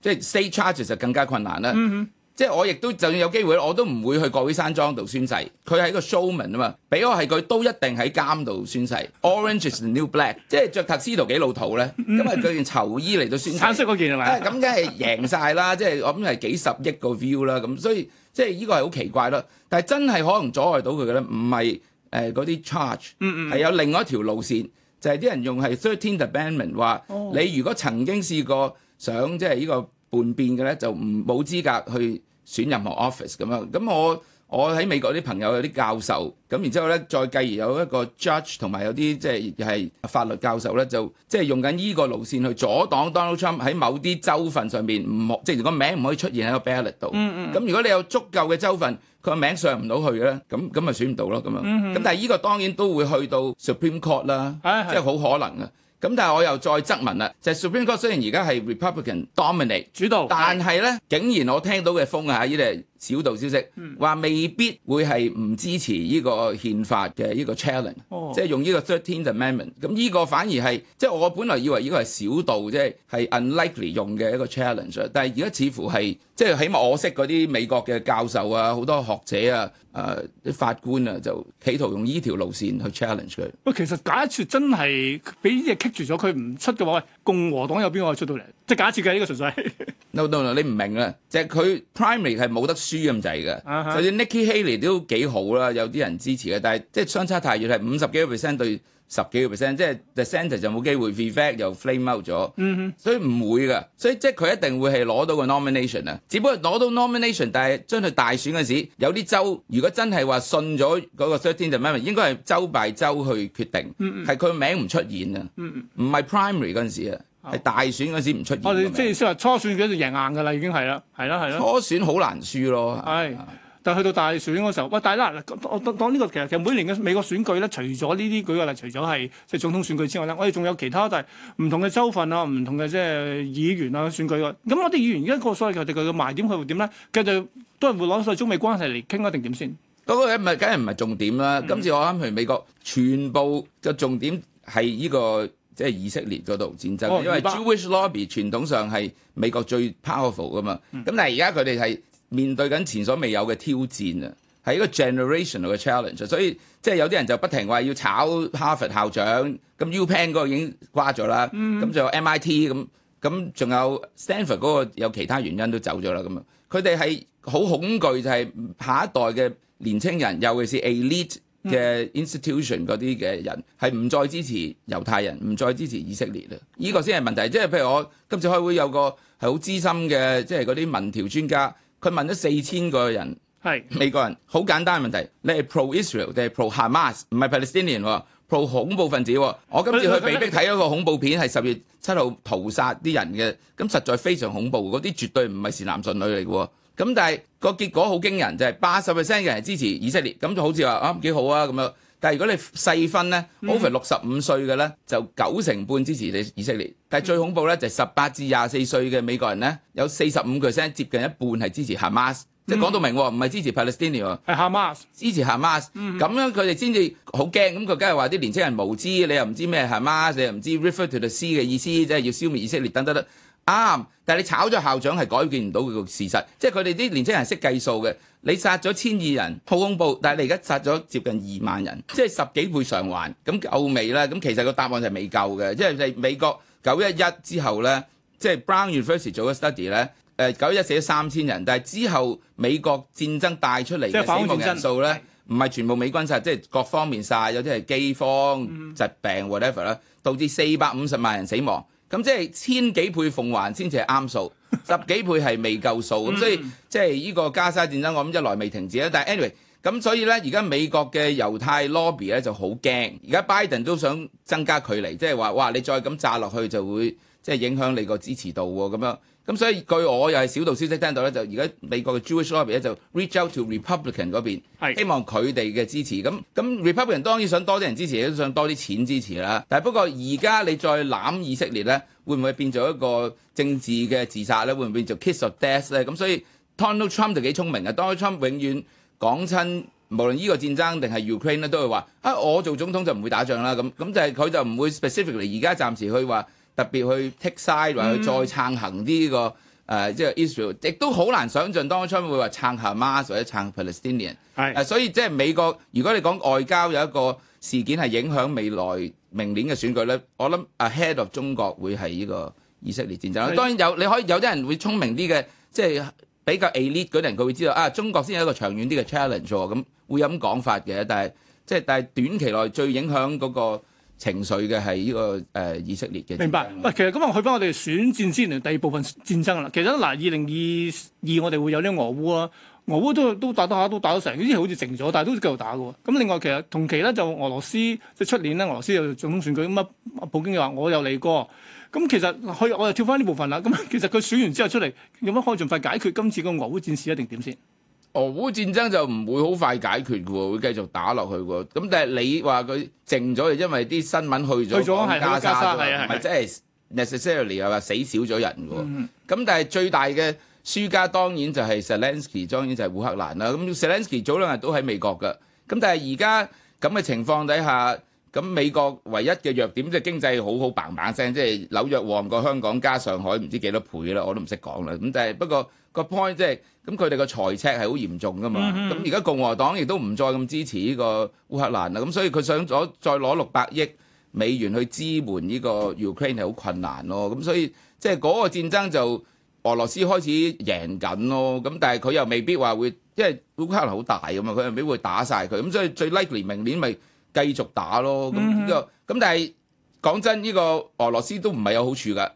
即係 state charges 就更加困難啦。Mm hmm. 即係我亦都就算有機會，我都唔會去國會山莊度宣誓。佢係個 showman 啊嘛，俾我係佢都一定喺監度宣誓。Orange is the new black，mm hmm. 即係著 T 恤幾老土咧，因為佢件囚衣嚟到宣誓。橙色嗰件係嘛？咁梗係贏晒啦，即係我諗係幾十億個 view 啦，咁所以即係呢個係好奇怪咯。但係真係可能阻礙到佢嘅咧，唔係誒嗰啲 charge，係、mm hmm. 有另外一條路線。就係啲人用係 Thirteenth Amendment 話，你如果曾經試過想即係呢個叛變嘅咧，就唔冇資格去選任何 office 咁樣。咁我。我喺美國啲朋友有啲教授，咁然之後咧再繼而有一個 judge 同埋有啲即係又係法律教授咧，就即係用緊呢個路線去阻擋 Donald Trump 喺某啲州份上面唔即係如果名唔可以出現喺個 ballot 度，咁如果你有足夠嘅州份，佢個名上唔到去嘅咧，咁咁咪選唔到咯咁樣。咁但係呢個當然都會去到 Supreme Court 啦，即係好可能啊。咁但係我又再質問啦，就係 Supreme Court 雖然而家係 Republican dominate 主導，但係咧竟然我聽到嘅風啊，呢啲係～小道消息話未必會係唔支持呢個憲法嘅呢個 challenge、哦、即係用呢個 Thirteenth Amendment。咁呢個反而係即係我本來以為呢個係小道，即係係 unlikely 用嘅一個 challenge。但係而家似乎係即係起碼我識嗰啲美國嘅教授啊，好多學者啊，誒、呃、法官啊，就企圖用呢條路線去 challenge 佢。喂，其實假設真係俾啲嘢棘住咗，佢唔出嘅話，喂，共和黨有邊個可以出到嚟？假設嘅呢、呢個純粹，No no no，你唔明啊，即係佢 primary 係冇得輸咁滯嘅。就算 Nikki Haley 都幾好啦，有啲人支持嘅，但係即係相差太遠，係五十幾個 percent 對十幾個 percent，即係 the centre 就冇機會 Vivek 又 flame out 咗。Uh huh. 所以唔會噶，所以即係佢一定會係攞到個 nomination 啊。只不過攞到 nomination，但係將佢大選嗰時有啲州，如果真係話信咗嗰個 13th Amendment，應該係州拜州去決定，係佢、uh huh. 名唔出現啊，唔係、uh huh. primary 嗰陣時啊。係大選嗰陣時唔出現。我哋即係先話初選就已經就贏硬㗎啦，已經係啦，係啦，係啦。初選好難輸咯。係，但係去到大選嗰時候，喂，但係咧，我當呢個其實其實每年嘅美國選舉咧，除咗呢啲舉個例，除咗係即係總統選舉之外咧，我哋仲有其他，但係唔同嘅州份啊，唔同嘅即係議員啊選舉㗎。咁我哋議員而家個所謂佢哋嘅賣點，佢會點咧？佢就都係會攞曬中美關係嚟傾一定點先談談？嗰個梗係唔係重點啦。今次我啱去美國，全部嘅重點係呢個。即係以色列嗰度戰爭，哦、因為 Jewish lobby 傳統上係美國最 powerful 噶嘛。咁、嗯、但係而家佢哋係面對緊前所未有嘅挑戰啊，係一個 generational 嘅 challenge。所以即係有啲人就不停話要炒 Harvard 校長。咁 U Penn 嗰個已經瓜咗啦，咁仲有 MIT 咁，咁仲有 Stanford 嗰個有其他原因都走咗啦。咁啊，佢哋係好恐懼就係下一代嘅年輕人，尤其是 elite。嘅 institution 嗰啲嘅人係唔再支持猶太人，唔再支持以色列啦。依個先係問題，即係譬如我今次開會有個係好資深嘅，即係嗰啲民調專家，佢問咗四千個人係美國人，好簡單嘅問題，你係 pro Israel 定係 pro Hamas？唔係 Palestinian 喎，pro 恐怖分子喎。我今次去被逼睇一個恐怖片，係十月七號屠殺啲人嘅，咁實在非常恐怖，嗰啲絕對唔係善男信女嚟嘅。咁但係個結果好驚人，就係八十 percent 嘅人支持以色列，咁就好似話啊，幾好啊咁樣。但係如果你細分咧，over 六十五歲嘅咧就九成半支持以色列。但係最恐怖咧就係十八至廿四歲嘅美國人咧，有四十五 percent 接近一半係支持哈馬斯，即係講到明喎，唔係支持 Palestine 喎，係哈馬斯，支持哈馬斯。嗯，咁樣佢哋先至好驚，咁佢梗係話啲年青人無知，你又唔知咩哈馬斯，你又唔知 refer to the sea 嘅意思，即係要消滅以色列，等等等。啱、啊，但係你炒咗校長係改變唔到佢個事實，即係佢哋啲年青人識計數嘅。你殺咗千二人好恐怖，但係你而家殺咗接近二萬人，即係十幾倍償還咁夠未咧？咁其實個答案就係未夠嘅，即係美國九一一之後咧，即係 Brown University 做咗 study 咧，誒九一一死咗三千人，但係之後美國戰爭帶出嚟嘅死亡人數咧，唔係全部美軍晒，即係各方面晒，有啲係饑荒、疾病 whatever 啦，導致四百五十萬人死亡。咁即係千幾倍奉還先至係啱數， 十幾倍係未夠數，咁 所以即係呢個加沙戰爭，我諗一來未停止啦。但係 anyway，咁所以咧，而家美國嘅猶太 lobby 咧就好驚，而家拜登都想增加距離，即係話哇，你再咁炸落去就會即係、就是、影響你個支持度喎，咁樣。咁所以據我又係小道消息聽到咧，就而家美國嘅 Jewish lobby 咧、er、就 reach out to Republican 嗰邊，是希望佢哋嘅支持。咁咁 Republican 當然想多啲人支持，都想多啲錢支持啦。但係不過而家你再攬以色列咧，會唔會變咗一個政治嘅自殺咧？會唔會就 kiss of death 咧？咁所以 Donald Trump 就幾聰明嘅，Donald Trump 永遠講親無論呢個戰爭定係 Ukraine 咧，都會話啊我做總統就唔會打仗啦。咁咁就係佢就唔會 specifically a 而家暫時去話。特別去 take side 或者去再撐行呢、這個誒，即係、嗯呃就是、Israel，亦都好難想像當初會話撐 Hamas 或者撐 Palestinian。係是、啊、所以即係美國，如果你講外交有一個事件係影響未來明年嘅選舉咧，我諗 ahead of 中國會係呢個以色列戰爭啦。是當然有，你可以有啲人會聰明啲嘅，即、就、係、是、比較 elite 嗰啲人，佢會知道啊，中國先有一個長遠啲嘅 challenge 喎。咁、哦嗯、會有咁講法嘅，但係即係但係短期內最影響嗰、那個。情緒嘅係呢個誒、呃、以色列嘅，明白？唔其實咁啊，去翻我哋選戰先嚟第二部分戰爭啦。其實嗱，二零二二我哋會有啲俄烏啊，俄烏都都打多下，都打咗成，啲好似靜咗，但係都繼續打嘅。咁另外其實同期咧就俄羅斯即係出年咧，俄羅斯又總統選舉咁啊，普京又話我有嚟過。咁其實去我又跳翻呢部分啦。咁其實佢選完之後出嚟有乜可以盡快解決今次個俄烏戰事一定點先？俄烏戰爭就唔會好快解決嘅喎，會繼續打落去喎。咁但係你話佢靜咗，係因為啲新聞去咗加沙咗，唔係即係 necessarily 係話死少咗人喎。咁、嗯、但係最大嘅輸家當然就係 Selensky，當然就係烏克蘭啦。咁 Selensky 早兩日都喺美國嘅，咁但係而家咁嘅情況底下。咁美國唯一嘅弱點即係經濟好好棒棒聲，即係紐約旺過香港加上海唔知幾多倍啦，我都唔識講啦。咁但係不過個 point 即係咁佢哋個財赤係好嚴重噶嘛。咁而家共和黨亦都唔再咁支持呢個烏克蘭啦。咁所以佢想咗再攞六百億美元去支援呢個 Ukraine 係好困難咯。咁所以即係嗰個戰爭就俄羅斯開始贏緊咯。咁但係佢又未必話會，因為烏克蘭好大噶嘛，佢又未必會打晒佢。咁所以最 likely 明年咪、就是？繼續打咯咁之後，咁、嗯哼嗯、但係講真，呢、呢個俄羅斯都唔係有好處㗎。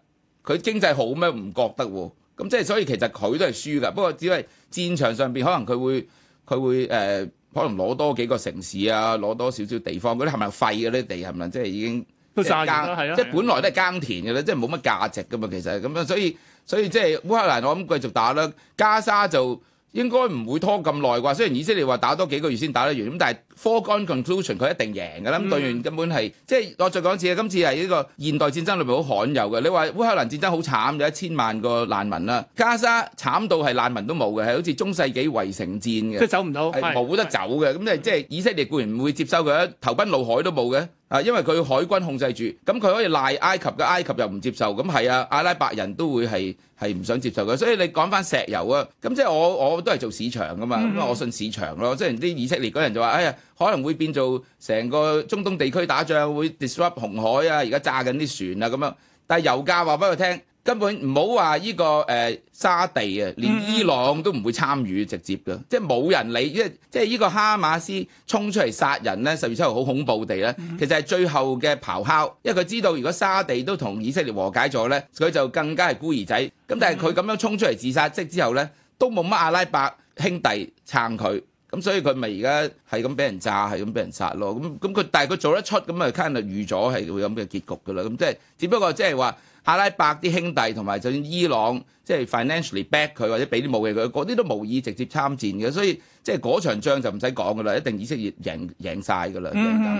佢經濟好咩？唔覺得喎。咁、嗯、即係所以其實佢都係輸㗎。不過只係戰場上邊，可能佢會佢會誒、呃，可能攞多幾個城市啊，攞多少少地方嗰啲係咪廢㗎？啲地係咪即係已經都曬啦？係耕即係本來都係耕田嘅啦，即係冇乜價值㗎嘛。其實咁樣，所以所以即、就、係、是、烏克蘭，我諗繼續打啦。加沙就應該唔會拖咁耐啩。雖然以色列話打多幾個月先打得完，咁但係。Foregone conclusion，佢一定贏嘅啦。咁隊員根本係，即係我再講一次，今次係呢個現代戰爭裏邊好罕有嘅。你話烏克蘭戰爭好慘，就一千萬個難民啦。加沙慘到係難民都冇嘅，係好似中世紀圍城戰嘅，即係走唔到，係冇得走嘅。咁即係即係以色列固然唔會接受佢，投奔怒海都冇嘅啊，因為佢海軍控制住，咁佢可以賴埃及嘅，埃及又唔接受。咁係啊，阿拉伯人都會係係唔想接受嘅。所以你講翻石油啊，咁即係我我都係做市場㗎嘛，咁啊我信市場咯。即係啲以色列嗰人就話：哎呀！可能會變做成個中東地區打仗會 disrupt 紅海啊，而家炸緊啲船啊咁樣。但係油價話俾佢聽，根本唔好話呢個誒沙地啊，連伊朗都唔會參與直接㗎，即係冇人理。即係即係呢個哈馬斯衝出嚟殺人咧，十月七號好恐怖地咧。其實係最後嘅咆哮，因為佢知道如果沙地都同以色列和解咗咧，佢就更加係孤兒仔。咁但係佢咁樣衝出嚟自殺即之後咧，都冇乜阿拉伯兄弟撐佢。咁、嗯、所以佢咪而家係咁俾人炸，係咁俾人殺咯。咁咁佢但係佢做得出，咁咪肯定預咗係會有咁嘅結局噶啦。咁即係只不過即係話阿拉伯啲兄弟同埋，就算伊朗即係、就是、financially back 佢或者俾啲武器佢，嗰啲都無意直接參戰嘅。所以即係嗰場仗就唔使講噶啦，一定以色列贏贏曬噶啦，贏噶啦。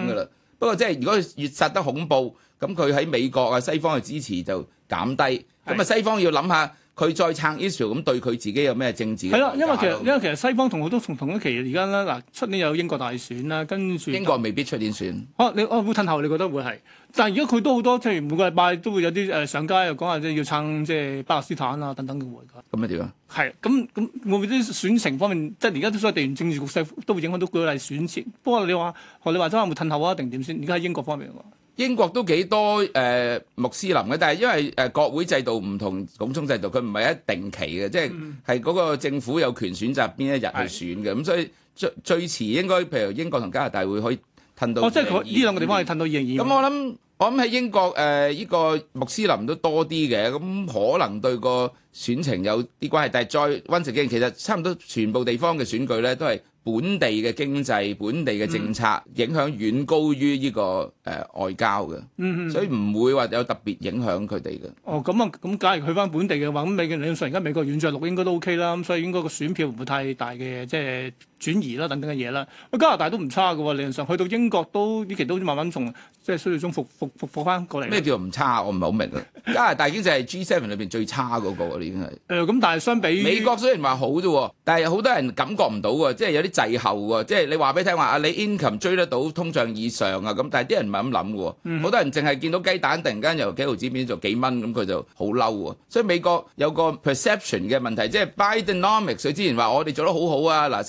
Mm hmm. 不過即、就、係、是、如果佢越殺得恐怖，咁佢喺美國啊西方嘅支持就減低，咁啊西方要諗下。佢再撐 Israel 咁對佢自己有咩政治？係啦，因為其實因為其實西方同好多同同一期而家咧嗱，出年有英國大選啦，跟住英國未必出年選。可能、啊、你啊會褪後，你覺得會係？但係而家佢都好多，即係每個禮拜都會有啲誒、呃、上街又講下即係要撐即係巴勒斯坦啊等等嘅活動。咁咪點啊？係咁咁，會唔會啲選情方面，即係而家都所謂地緣政治局勢都會影響到舉例選戰。不過你話學你話齋會褪後啊，定點先？而家喺英國方面英國都幾多誒、呃、穆斯林嘅，但係因為誒、呃、國會制度唔同總統制度，佢唔係一定期嘅，即係係嗰個政府有權選擇邊一日去選嘅，咁的所以最最遲應該譬如英國同加拿大會可以褪到、哦。即係呢兩個地方係褪到二月。咁、嗯、我諗我諗喺英國誒依、呃呢個穆斯林都多啲嘅，咁可能對個選情有啲關係。但係再温習嘅，其實差唔多全部地方嘅選舉咧都係。本地嘅經濟、本地嘅政策影響遠高於呢個誒外交嘅，嗯嗯嗯、所以唔會話有特別影響佢哋嘅。哦，咁啊，咁假如去返本地嘅話，咁美嘅理論上而家美國軟著陸應該都 OK 啦，咁所以應該個選票唔會太大嘅，即係。轉移啦等等嘅嘢啦，加拿大都唔差嘅喎，理論上去到英國都呢期都慢慢從即係衰退中復，復復復復翻過嚟。咩叫唔差？我唔係好明啊！加拿大經濟係 G7 裏邊最差嗰、那個，你已經係。誒、呃、咁，但係相比美國雖然話好啫，但係好多人感覺唔到喎，即係有啲滯後喎，即係你話俾聽話啊，你 income 追得到通脹以上啊咁，但係啲人唔係咁諗嘅喎，好多人淨係見到雞蛋突然間由幾毫子變做幾蚊，咁佢就好嬲喎。所以美國有個 perception 嘅問題，即係 Bidenomics，佢之前話我哋做得好好啊，嗱，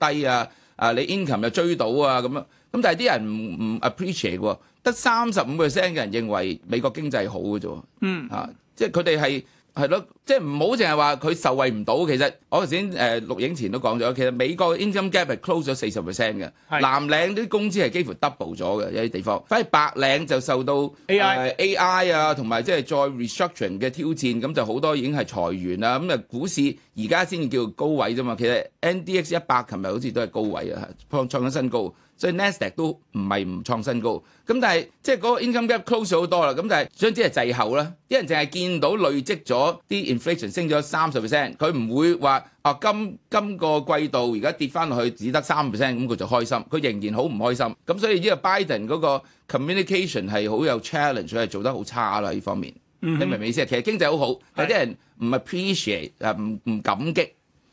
低啊！啊，你 income 又追到啊咁樣，咁但係啲人唔唔 appreciate 喎，得三十五 percent 嘅人認為美國經濟好嘅啫，嗯啊，即係佢哋係。係咯，即係唔好淨係話佢受惠唔到。其實我頭先誒錄影前都講咗，其實美國 income gap 係 close 咗四十 percent 嘅。是藍領啲工資係幾乎 double 咗嘅，有啲地方，反而白領就受到、呃、AI AI 啊，同埋即係再 restructuring 嘅挑戰，咁就好多已經係裁員啦。咁啊，股市而家先至叫高位啫嘛。其實 N D X 一百琴日好似都係高位啊，創創緊新高。所以 Nasdaq 都唔係唔創新高，咁但係即係嗰個 income gap close 好多啦，咁但係總之係滯後啦。啲人淨係見到累積咗啲 inflation 升咗三十 percent，佢唔會話啊今今個季度而家跌翻落去只得三 percent，咁佢就開心，佢仍然好唔開心。咁所以呢個 Biden 嗰個 communication 係好有 challenge，佢係做得好差啦呢方面。Mm hmm. 你明唔明意思啊？其實經濟好好，有啲人唔 appreciate，啊唔唔感激。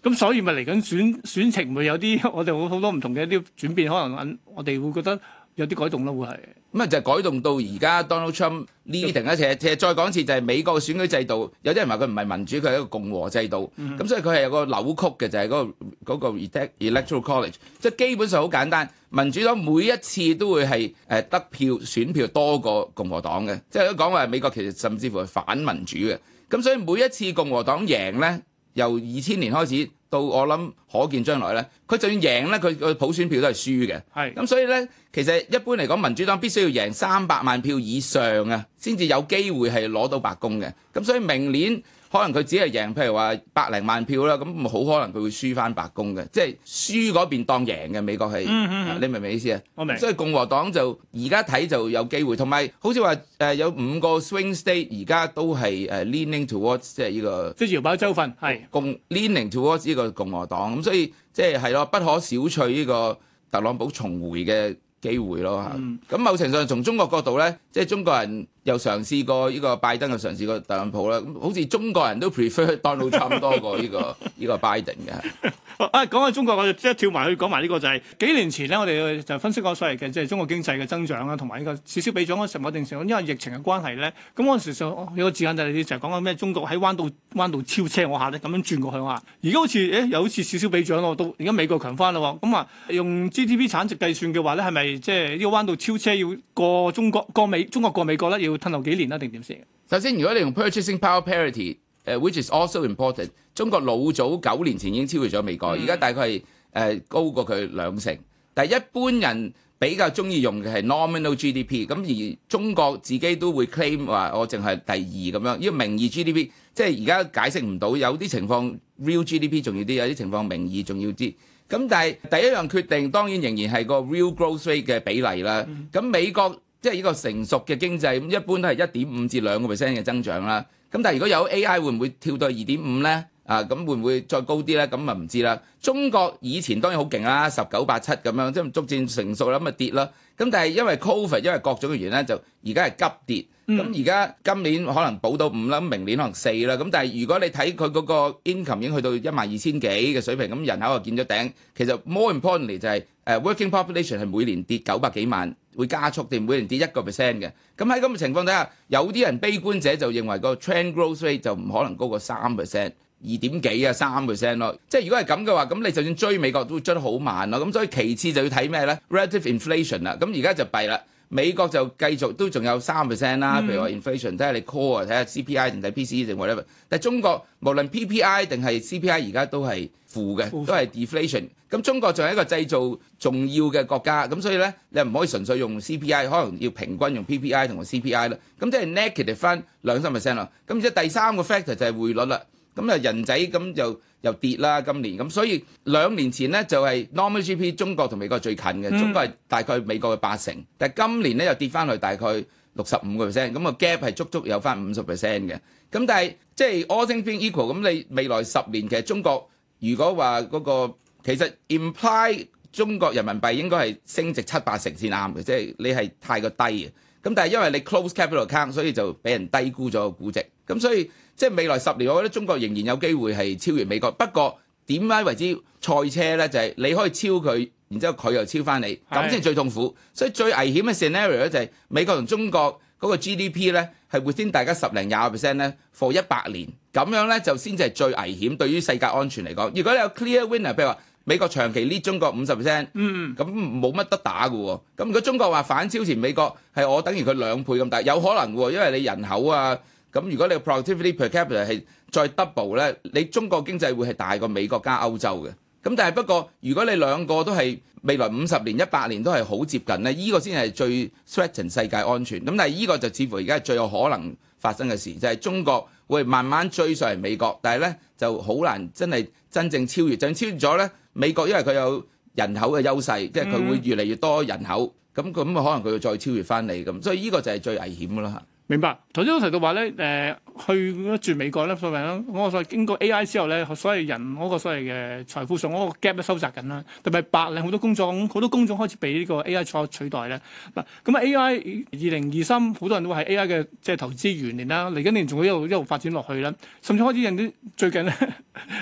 咁所以咪嚟緊選選情會有啲我哋會好多唔同嘅一啲轉變，可能我哋會覺得有啲改動咯，會係咁啊！就係、是、改動到而家 Donald Trump leading 啊，其實其實再講一次，就係、是、美國嘅選舉制度，有啲人話佢唔係民主，佢係一個共和制度。咁、嗯嗯、所以佢係有個扭曲嘅，就係、是、嗰、那個、那個、Electoral College，即係、嗯、基本上好簡單，民主黨每一次都會係誒得票選票多過共和黨嘅，即係都講話美國其實甚至乎係反民主嘅。咁所以每一次共和黨贏咧，由二千年開始。到我諗可見將來咧，佢就算贏咧，佢個普選票都係輸嘅。係咁，所以咧，其實一般嚟講，民主黨必須要贏三百萬票以上啊，先至有機會係攞到白宮嘅。咁所以明年。可能佢只係贏，譬如話百零萬票啦，咁好可能佢會輸翻白宮嘅，即係輸嗰邊當贏嘅。美國係，嗯嗯、你明唔明意思啊？我明。所以共和黨就而家睇就有機會，同埋好似話誒有五個 swing state 而家都係誒 leaning towards 即係呢、這個支持搖擺州份係共 leaning towards 呢個共和黨，咁所以即係係咯不可小覷呢個特朗普重回嘅機會咯嚇。咁、嗯、某程度上從中國角度咧，即係中國人。又嘗試過呢個拜登，又嘗試過特朗普啦。咁好似中國人都 prefer Donald 差唔多過呢個呢 個拜登嘅。啊，講下中國，我即係跳埋去講埋呢個就係、是、幾年前咧，我哋就分析過所謂嘅即係中國經濟嘅增長啦，同埋呢個少少比獎嗰陣某定程度因為疫情嘅關係咧。咁我時想、哦、有一個字眼就係你成日講緊咩中國喺彎道彎道超車我下咧，咁樣轉過去我而家好似誒、哎、又好似少少比獎咯，到而家美國強翻啦。咁、嗯、啊、嗯，用 GDP 產值計算嘅話咧，係咪即係呢個彎道超車要過中國過美中國過美國咧要？停留幾年啦，定點先？首先，如果你用 purchasing power parity，which is also important，中國老早九年前已經超越咗美國，而家大概係誒高過佢兩成。但係一般人比較中意用嘅係 nominal GDP，咁而中國自己都會 claim 話我淨係第二咁樣，依、這個名義 GDP，即係而家解釋唔到有啲情況 real GDP 仲要啲，有啲情況名義仲要啲。咁但係第一樣決定當然仍然係個 real growth rate 嘅比例啦。咁美國。即係呢個成熟嘅經濟，咁一般都係一點五至兩個 percent 嘅增長啦。咁但係如果有 AI，會唔會跳到二點五呢？啊，咁會唔會再高啲呢？咁啊唔知啦。中國以前當然好勁啦，十九八七咁樣，即係逐漸成熟啦，咁啊跌啦。咁但係因為 COVID，因為各種嘅原因，就而家係急跌。咁而家今年可能補到五啦，咁明年可能四啦。咁但係如果你睇佢嗰個 income 已經去到一萬二千幾嘅水平，咁人口又見咗頂，其實 more importantly 就係誒 working population 係每年跌九百幾萬。會加速定每年跌一個 percent 嘅，咁喺咁嘅情況底下，有啲人悲觀者就認為個 trend growth rate 就唔可能高過三 percent，二點幾啊三 percent 咯。即係如果係咁嘅話，咁你就算追美國都會追得好慢咯。咁所以其次就要睇咩呢？relative inflation 啦。咁而家就弊啦，美國就繼續都仲有三 percent 啦。譬如話 inflation，睇下你 core 啊，睇下 CPI 定睇 PCE 定 whatever。但係中國無論 PPI 定係 CPI，而家都係。負嘅都係 deflation，咁中國仲係一個製造重要嘅國家，咁所以咧你唔可以純粹用 CPI，可能要平均用 PPI 同埋 CPI 啦，咁即係 negative 翻兩三 percent 啦，咁即係第三個 factor 就係匯率啦，咁啊人仔咁就又跌啦今年，咁所以兩年前咧就係 normal GDP 中國同美國最近嘅，中國係大概美國嘅八成，但係今年咧又跌翻去大概六十五個 percent，咁個 gap 係足足有翻五十 percent 嘅，咁但係即係 all things equal，咁你未來十年其實中國。如果話嗰、那個其實 imply 中國人民幣應該係升值七八成先啱嘅，即、就、係、是、你係太過低嘅。咁但係因為你 close capital account，所以就俾人低估咗個估值。咁所以即係、就是、未來十年，我覺得中國仍然有機會係超越美國。不過點解為之賽車呢？就係、是、你可以超佢，然之後佢又超翻你，咁先是最痛苦。所以最危險嘅 scenario 就係、是、美國同中國嗰個 GDP 呢，係會先大家十零廿 percent 咧，for 一百年。咁樣咧就先至係最危險，對於世界安全嚟講。如果你有 clear winner，譬如話美國長期 lead 中國五十 percent，咁冇乜得打喎。咁如果中國話反超前美國，係我等於佢兩倍咁大，有可能喎，因為你人口啊，咁如果你 productivity per capita 係再 double 咧，你中國經濟會係大過美國加歐洲嘅。咁但係不過，如果你兩個都係未來五十年、一百年都係好接近咧，呢個先係最 threaten 世界安全。咁但係呢個就似乎而家係最有可能發生嘅事就係中國。會慢慢追上嚟美國，但係呢就好難真係真正超越。就超越咗呢美國，因為佢有人口嘅優勢，即係佢會越嚟越多人口，咁佢咁可能佢會再超越翻你咁，所以呢個就係最危險㗎喇。明白。頭先我提到話咧，誒、呃、去住美國咧，所謂咧，我、那、再、個、經過 AI 之後咧，所謂人嗰、那個所謂嘅財富上嗰、那個 gap 咧收窄緊啦。特別係白領好多工作，好多工作開始被呢個 AI 所取代咧。嗱，咁啊，AI 二零二三好多人都話係 AI 嘅即係投資元年啦，嚟緊年仲會一路一路發展落去啦。甚至開始引啲最近咧，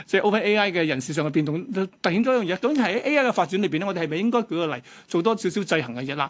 即 係 Open AI 嘅人事上嘅變動都突顯咗一樣嘢，究竟喺 AI 嘅發展裏邊咧，我哋係咪應該舉個例做多少少制衡嘅嘢啦？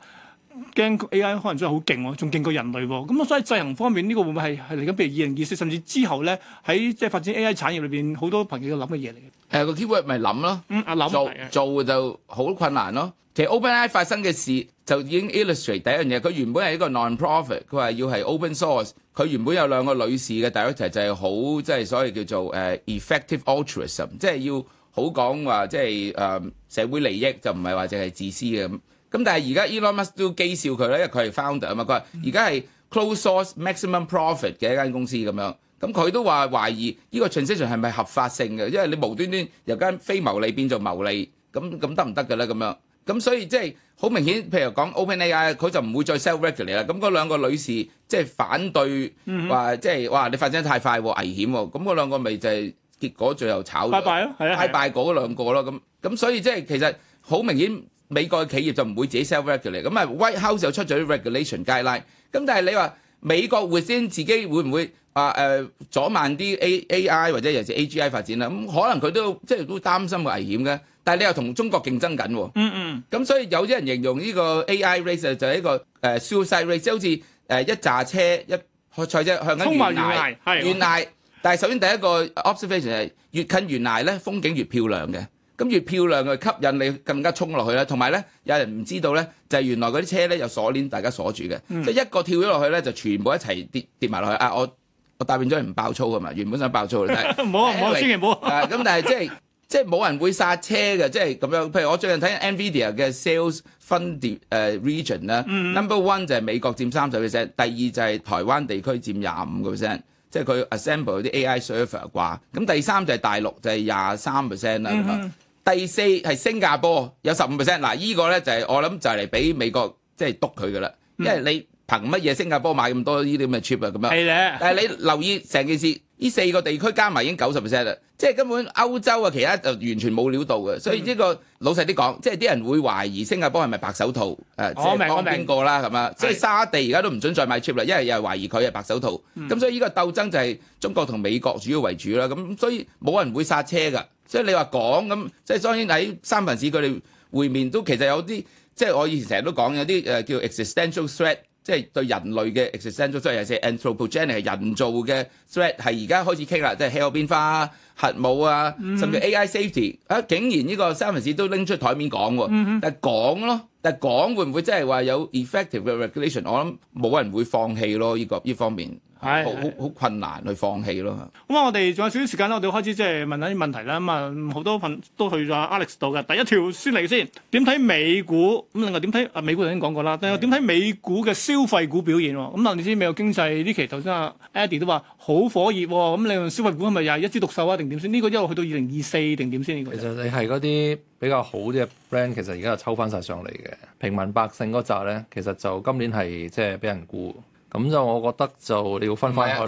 驚 AI 可能真係好勁喎、哦，仲勁過人類喎、哦。咁、嗯、啊，所以制衡方面呢、呢個會唔會係係嚟緊？譬如二零二四，甚至之後咧，喺即係發展 AI 產業裏邊，好多朋友要諗嘅嘢嚟嘅。誒個 keyword 咪諗咯。嗯，阿諗做的做就好困難咯。其實 OpenAI 發生嘅事就已經 illustrate 第一樣嘢，佢原本係一個 non-profit，佢話要係 open source。佢原本有兩個女士嘅，director 就係好即係所謂叫做誒 effective altruism，即係要好講話即係誒社會利益就唔係話淨係自私嘅。咁但係而家 Elon Musk 都譏笑佢咧，因為佢係 founder 啊嘛，佢話而家係 close source maximum profit 嘅一間公司咁樣，咁佢都話懷疑呢個 transaction 係咪合法性嘅，因為你無端端由間非牟利變做牟利，咁咁得唔得㗎咧咁樣？咁所以即係好明顯，譬如講 OpenAI，佢就唔會再 sell back 嚟啦。咁嗰兩個女士即係反對，話即係哇，你發展得太快喎，危險喎。咁嗰兩個咪就係結果最後炒敗咯，係啊，係啊，敗嗰兩個咯。咁咁所以即係其實好明顯。美國嘅企業就唔會自己 self-regulate，咁啊 White House 就出咗啲 regulation guideline。咁但係你話美國會先自己會唔會啊誒阻慢啲 A A I 或者尤其是 A G I 發展啊？咁可能佢都即係都擔心危險嘅。但係你又同中國競爭緊喎。嗯嗯。咁所以有啲人形容呢個 A I race 就係一個誒 suicide race，即係好似誒一揸車一賽車向緊懸崖懸崖。但係首先第一個 observation 係越近懸崖咧，風景越漂亮嘅。咁越漂亮嘅吸引你更加衝落去啦，同埋咧有人唔知道咧，就係、是、原來嗰啲車咧有鎖鏈，大家鎖住嘅，即係、嗯、一個跳咗落去咧，就全部一齊跌跌埋落去。啊，我我大便咗唔爆粗嘅嘛，原本想爆粗你睇，唔好啊，唔好啊，千祈唔好啊。咁但係即係即係冇人會剎車嘅，即係咁樣。譬如我最近睇 NVIDIA 嘅 sales 分地誒、uh, region 啦 number one 就係、是、美國佔三十 percent，第二就係、是、台灣地區佔廿五個 percent，即係佢 assemble 啲 AI server 啩。咁第三就係大陸就係廿三 percent 啦。 第四係新加坡有十五 percent，嗱依個咧就係我諗就係嚟俾美國即係督佢噶啦，因為你憑乜嘢新加坡買咁多呢啲咁嘅 chip 啊咁樣？係咧。但係你留意成件事，呢四個地區加埋已經九十 percent 啦，即係根本歐洲啊，其他就完全冇料到嘅。所以呢個老實啲講，即係啲人會懷疑新加坡係咪白手套？誒，即係幫邊個啦咁啊？即係沙地而家都唔准再買 chip 啦，因為又係懷疑佢係白手套。咁所以呢個鬥爭就係中國同美國主要為主啦。咁所以冇人會剎車㗎。即係你話講咁，即係當然喺三藩市佢哋會面都其實有啲，即係我以前成日都講有啲誒叫 existential threat，即係對人類嘅 existential threat，或者 anthropogenic 人造嘅 threat，係而家開始傾啦，即係氣候變化、核武啊，甚至 AI safety，啊竟然呢個三藩市都拎出台面講喎，但係講咯，但係講會唔會即係話有 effective regulation？我諗冇人會放棄咯，呢個呢方面。係，好好、哎、困難去放棄咯。咁啊、嗯，我哋仲有少少時間啦，我哋開始即係問一下啲問題啦。咁啊，好多份都去咗 Alex 度嘅。第一條先嚟先，點睇美股？咁另外點睇啊？美股頭先講過啦，但係點睇美股嘅消費股表現？咁、嗯、嗱，你知美國經濟呢期頭先阿 Eddie 都話好火熱喎。咁你用消費股係咪又係一枝獨秀啊？定點先？呢、呢個一路去到二零二四定點先？其實你係嗰啲比較好啲嘅 brand，其實而家又抽翻晒上嚟嘅。平民百姓嗰紮咧，其實就今年係即係俾人估。咁就我覺得就你要分翻開啦，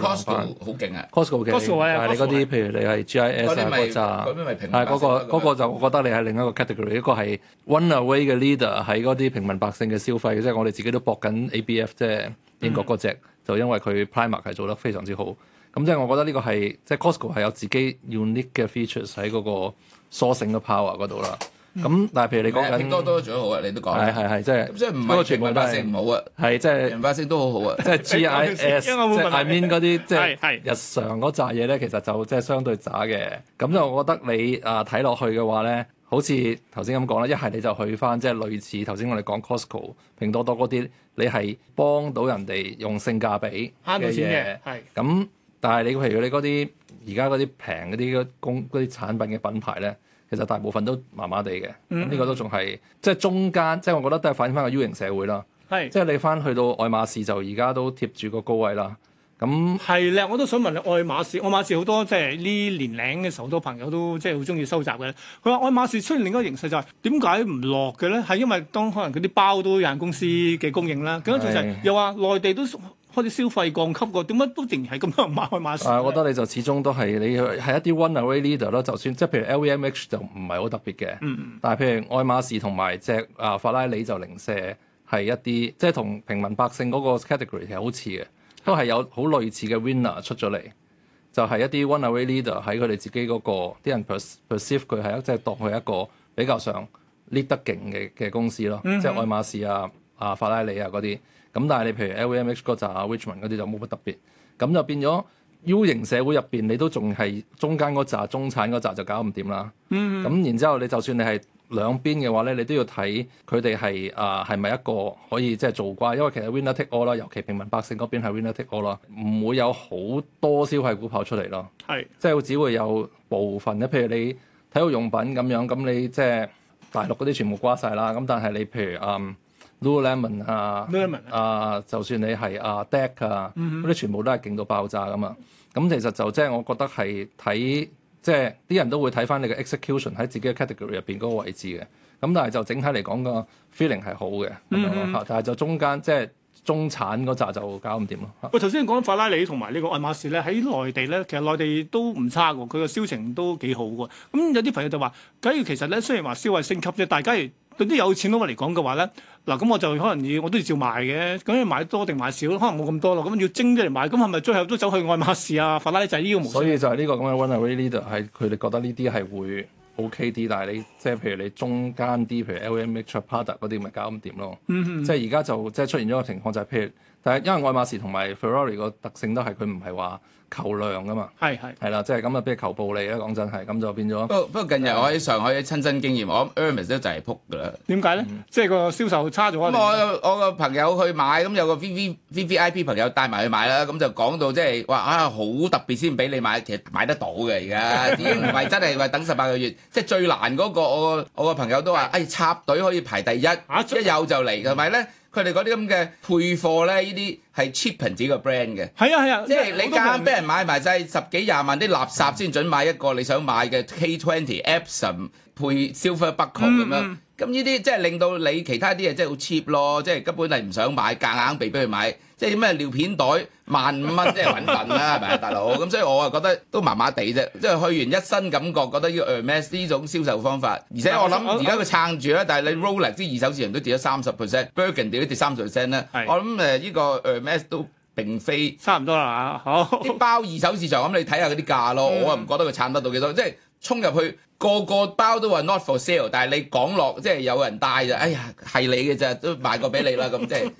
好勁啊。Costco 嘅、啊，但你嗰啲譬如你係 G I S，就是、 啊，只哥，係嗰、那個嗰這樣 個就我覺得你係另一個 category。一個係 runaway 嘅 leader 喺嗰啲平民百姓嘅消費，即係、嗯、我哋自己都搏緊 A B F 即係、嗯、英國嗰隻，就因為佢 Primark 係做得非常之好。咁即係我覺得呢個係即係 Costco 係有自己 unique 嘅 features 喺嗰個 sourcing 嘅 power 嗰度啦。咁、嗯、但係譬如你講緊拼多多做好啊，你都講係係係，係係係即係，即係唔係全民百姓唔好啊，係即係，全民百姓都好好啊，即係似 I S 即 I mean 嗰啲即係日常嗰扎嘢咧，其實就即係相對渣嘅。咁是就我覺得你啊睇落去嘅話咧，好似頭先咁講啦，一係你就去翻即係類似頭先我哋講 Costco、拼多多嗰啲，你係幫到人哋用性價比，慳到錢嘅，係。咁但係你譬如你嗰啲而家嗰啲平嗰啲工嗰啲產品嘅品牌咧。其實大部分都麻麻地嘅，咁呢、嗯嗯、個都仲係即係中間，即係，我覺得都係反映翻個 U 型社會啦。係，即係你翻去到愛馬仕就而家都貼住個高位啦。咁係啦，我都想問你愛馬仕，愛馬仕好多即係呢年齡嘅時候，好多朋友都即係好中意收集嘅。佢話愛馬仕出現另一個形勢就係點解唔落嘅咧？係因為當可能佢啲包都有限公司嘅供應啦。咁就又話內地都，開始消費降級，個點解都仍然係咁樣買愛馬仕？啊，我覺得你就始終都係你係一啲 runaway leader 咯。就算即係譬如 LVMH 就唔係好特別嘅，嗯、但係譬如愛馬仕同埋隻啊法拉利就零舍係一啲即係同平民百姓嗰個 category 係好似嘅，都係有好類似嘅 winner 出咗嚟，就係、是、一啲 runaway leader 喺佢哋自己嗰、那個啲人 perceive 佢係即係、就是、當佢一個比較上叻得勁嘅嘅公司咯，嗯、哼即係愛馬仕啊、啊法拉利啊嗰啲。咁但係你譬如 LVMH 嗰扎啊，Richemont 嗰啲就冇乜特別，咁就變咗 U 型社會入邊，你都仲係中間嗰扎中產嗰扎就搞唔掂啦。咁、嗯嗯、然之後你就算你係兩邊嘅話咧，你都要睇佢哋係啊係咪一個可以即係、就是、做瓜，因為其實 winner take all 啦，尤其平民百姓嗰邊係 winner take all 啦，唔會有好多消費股跑出嚟咯。係是，即係只會有部分嘅，譬如你體育用品咁樣，咁你即係大陸嗰啲全部瓜晒啦。咁但係你譬如嗯。Lulu、uh, lemon 啊，啊、uh,，就算你係啊、uh, Deck 啊、uh, mm，嗰、hmm. 啲全部都係勁到爆炸噶嘛。咁其實就即係我覺得係睇，即係啲人都會睇翻你嘅 execution 喺自己嘅 category 入邊嗰個位置嘅。咁但係就整體嚟講個 feeling 係好嘅、mm hmm. 啊，但係就中間即係、就是、中產嗰扎就搞唔掂咯。喂，頭先講法拉利同埋呢個愛馬仕咧，喺內地咧，其實內地都唔差喎，佢嘅銷情都幾好嘅。咁有啲朋友就話，假如其實咧，雖然話消費升級啫，大家。對啲有錢佬嚟講嘅話咧，嗱咁我就可能要我都要照買嘅，咁你買多定買少，可能冇咁多咯。咁要精啲嚟買，咁係咪最後都走去愛馬仕啊、法拉利呢啲咁？所以就係呢個咁嘅 runaway leader 係佢哋覺得呢啲係會 OK 啲，但係你即係譬如你中間啲，譬如 LVMH、Prada 嗰啲咪搞唔掂咯。Mm hmm. 即係而家就即係出現咗個情況就係譬如。但係因為愛馬仕同埋 Ferrari 個特性都係佢唔係話求量噶嘛，係係係啦，即係咁啊，不如求暴利啦，講真係咁就變咗。不過不過近日我喺上海嘅親身經驗，我諗 Hermes 都就嚟撲㗎啦。點解咧？嗯、即係個銷售差咗。咁、嗯嗯、我我個朋友去買，咁、嗯、有個 VVVVIP 朋友帶埋去買啦，咁、嗯、就講到即係話啊，好特別先俾你買，其實買得到嘅而家，已經唔係真係話等十八個月， 即係最難嗰、那個。我我個朋友都話：，誒、哎、插隊可以排第一，出一有就嚟，係咪咧？ 佢哋嗰啲咁嘅配貨咧，呢啲係 cheapen 自己個 brand 嘅。係啊係啊，啊即係你啱啱俾人買埋晒，十幾廿萬啲垃圾先準買一個你想買嘅 K20、Epsom 配 Silver Buckle 咁、嗯、樣。咁呢啲即係令到你其他啲嘢即係好 cheap 咯，即係根本係唔想買，夾硬被逼去買，即係咩尿片袋萬五蚊即係穩陣啦，係咪啊，大佬？咁所以我啊覺得都麻麻地啫，即係去完一身感覺，覺得呢個 Hermes 呢種銷售方法，而且我諗而家佢撐住啦，但係你 Rolex 啲二手市場都跌咗三十 percent，Birkin 跌咗跌三十 percent 咧，我諗誒呢個 Hermes 都並非差唔多啦，好？啲包二手市場咁你睇下嗰啲價咯，我啊唔覺得佢撐得到幾多，即係衝入去。個個包都話 not for sale，但係你講落即係有人帶就，哎呀係你嘅咋，都賣個俾你啦咁即係，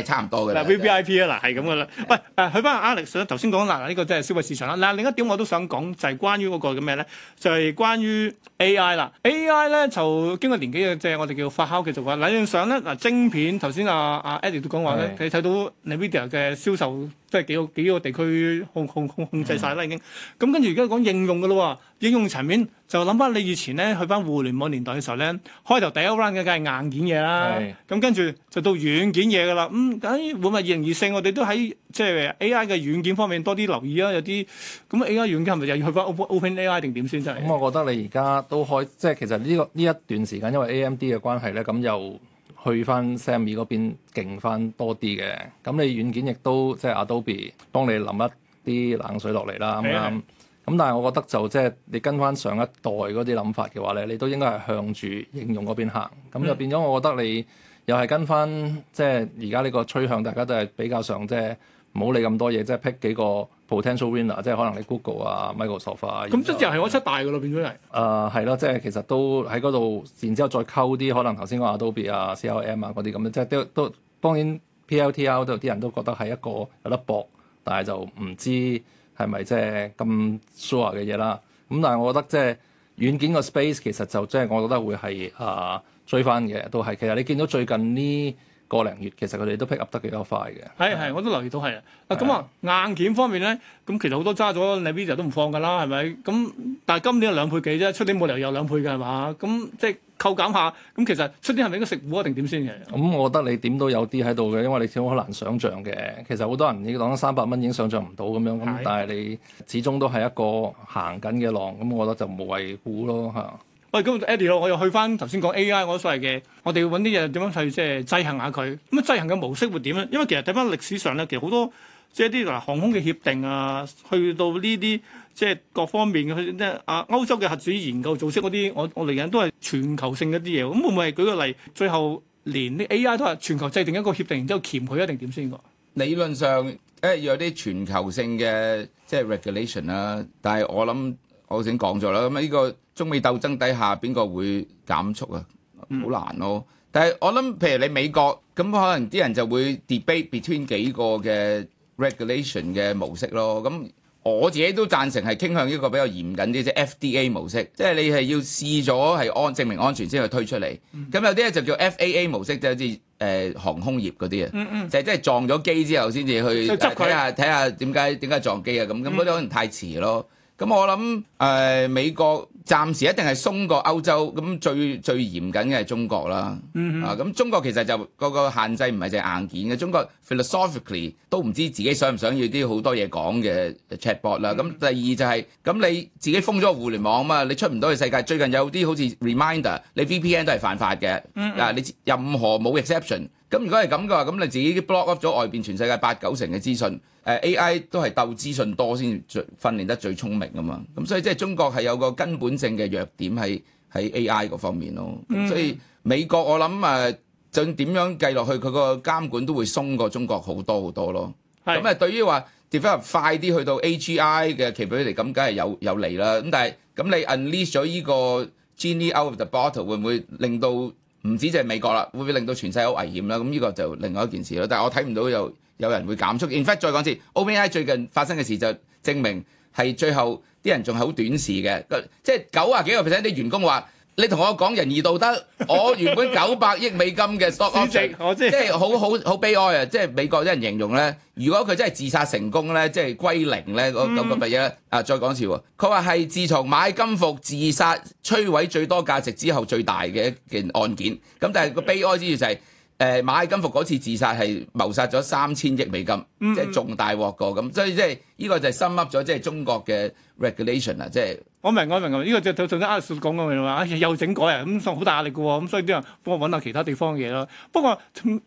誒差唔多㗎啦。VVIP 啊，嗱係咁㗎啦。喂，誒去翻 Alex 頭先講嗱，呢個即係消費市場啦。嗱另一點我都想講就係關於嗰個叫咩咧，就係關於 AI 啦。AI 咧就經過年幾嘅即係我哋叫發酵嘅做法。理論上咧嗱晶片頭先阿阿 Eddie 都講話咧，你睇到 NVIDIA 嘅銷售即係幾個幾個地區控控控控制曬啦已經。咁跟住而家講應用㗎啦喎，應用層面就。諗翻你以前咧去翻互聯網年代嘅時候咧，開頭第一 round 嘅梗係硬件嘢啦，咁跟住就到軟件嘢噶啦。咁咁會唔會二零二四？我哋都喺即係 AI 嘅軟件方面多啲留意啊，有啲咁 AI 軟件係咪又要去翻 Open AI 定點先？真係。咁我覺得你而家都開，即係其實呢個呢一段時間，因為 AMD 嘅關係咧，咁又去翻 Sammy 嗰邊勁翻多啲嘅。咁你軟件亦都即係 Adobe 幫你淋一啲冷水落嚟啦，啱唔咁但係我覺得就即係你跟翻上一代嗰啲諗法嘅話咧，你都應該係向住應用嗰邊行，咁就變咗我覺得你又係跟翻即係而家呢個趨向，大家都係比較上，即係唔好理咁多嘢，即係 pick 幾個 potential winner，即係可能你 Google 啊、Microsoft 啊，咁即係又係七大噶咯，變咗係。誒係咯，即係、就是、其實都喺嗰度，然之後再溝啲可能頭先個 Adobe 啊、CRM 啊嗰啲咁樣，即、就、係、是、都都當然 PLTR 都有啲人都覺得係一個有得搏，但係就唔知。係咪即係咁 sure 嘅嘢啦？咁但係我覺得即係、就是、軟件個 space 其實就即係我覺得會係啊、呃、追翻嘅，都係其實你見到最近呢個零月其實佢哋都 pick up 得比較快嘅。係係的，我都留意到係啊。嗱咁啊，的硬件方面咧，咁其實好多揸咗 Nvidia 都唔放㗎啦，係咪？咁但係今年有兩倍幾啫，出年冇理由有兩倍㗎係嘛？咁即係。扣減下，咁其實出年係咪應該食糊一定點先嘅？咁、嗯、我覺得你點都有啲喺度嘅，因為你始終好難想象嘅。其實好多人已經講緊三百蚊已經想象唔到咁樣，咁的、嗯、但係你始終都係一個行緊嘅浪，咁我覺得就無謂估咯嚇。喂、哎，咁 Eddie 我又去翻頭先講 AI 嗰個所謂嘅，我哋揾啲嘢點樣去即係制衡下佢。咁啊，制衡嘅、嗯、模式會點咧？因為其實睇翻歷史上咧，其實好多。即係啲嗱航空嘅協定啊，去到呢啲即係各方面去即係啊歐洲嘅核子研究組織嗰啲，我我嚟緊都係全球性一啲嘢。咁會唔會係舉個例，最後連啲 AI 都係全球制定一個協定，然之後簽佢，一定點先個？理論上誒、呃、有啲全球性嘅即係 regulation 啦、啊，但係我諗我先講咗啦。咁啊呢個中美鬥爭底下，邊個會減速啊？好難咯、啊。Mm. 但係我諗，譬如你美國咁，可能啲人就會 debate between 幾個嘅。Regulation 嘅模式咯，咁我自己都贊成係傾向一個比較嚴謹啲嘅、即係、FDA 模式，即係你係要試咗係安證明安全先去推出嚟。咁、嗯、有啲咧就叫 FAA 模式，即係好似誒航空業嗰啲啊，就係、嗯嗯、即係撞咗機之後先至去睇下、啊、睇下點解點解撞機啊咁，咁嗰啲可能太遲咯。嗯嗯咁我諗誒、呃、美國暫時一定係鬆過歐洲，咁最最嚴謹嘅係中國啦。Mm hmm. 啊，咁中國其實就個、嗰個限制唔係淨係硬件嘅，中國 philosophically 都唔知自己想唔想要啲好多嘢講嘅 chatbot 啦。咁、mm hmm. 第二就係、是、咁你自己封咗互聯網嘛，你出唔到去世界。最近有啲好似 reminder，你 VPN 都係犯法嘅。Mm hmm. 啊，你任何冇 exception。咁如果係咁嘅話，咁你自己已經 block up 咗外邊全世界八九成嘅資訊，誒 AI 都係鬥資訊多先最訓練得最聰明啊嘛。咁所以即係中國係有個根本性嘅弱點喺喺 AI 嗰方面咯。所以美國我諗誒，就點樣計落去佢個監管都會鬆過中國好多好多咯。咁啊是，對於話 develop 快啲去到 AGI 嘅奇表嚟，咁梗係有有利啦。咁但係咁你 unleash 咗呢個 genie out of the bottle 會唔會令到？唔止就係美國啦，會唔會令到全世界好危險咧？咁呢個就另外一件事咯。但係我睇唔到有有人會減速。in fact，再講次，OpenAI 最近發生嘅事就證明係最後啲人仲係好短視嘅。即係九啊幾個 percent 啲員工話。你同我講仁義道德，我原本九百億美金嘅 stock，即係好好好悲哀啊！即係美國啲人形容咧，如果佢真係自殺成功咧，即係歸零咧，咁、嗰、嗰個乜嘢、嗰個、啊？再講笑佢話係自從買金服自殺摧毀最多價值之後最大嘅一件案件。咁但係個悲哀之處就係、係。誒馬蟻金服嗰次自殺係謀殺咗三千億美金，嗯、即係重大鑊過咁，所以即係依、這個就係深笠咗，即係中國嘅 regulation 啦，即係我明，我明咁，依、這個、就頭先 Alex 講講明嘛，又整改啊，咁、嗯、好大壓力嘅喎，咁、嗯、所以啲人幫我揾下其他地方嘅嘢咯。不過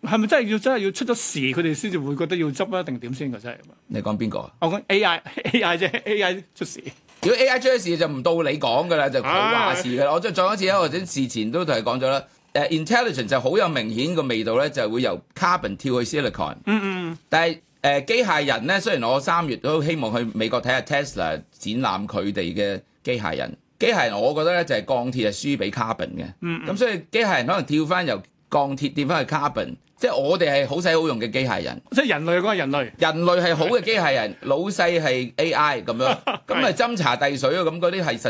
係咪真係要真係要出咗事佢哋先至會覺得要執啊？定點先嘅真係？你講邊個？我講 AI AI 啫 AI，AI 出事。如果 AI 出事就唔到你講嘅啦，就佢話事嘅。哎、呀我再再一次咧，或者事前都同你講咗啦。誒、uh, intelligent 就好有明顯個味道咧，就是、會由 carbon 跳去 silicon。嗯嗯。但係誒、uh, 機械人咧，雖然我三月都希望去美國睇下 Tesla 展覽佢哋嘅機械人。機械人我覺得咧就係、是、鋼鐵係輸俾 carbon 嘅。嗯咁、嗯、所以機械人可能跳翻由鋼鐵跌翻去 carbon。即係我哋係好使好用嘅機械人，即係人類嗰個人類，人類係好嘅機械人， 老細係 AI 咁樣，咁啊，斟茶遞水啊咁嗰啲係實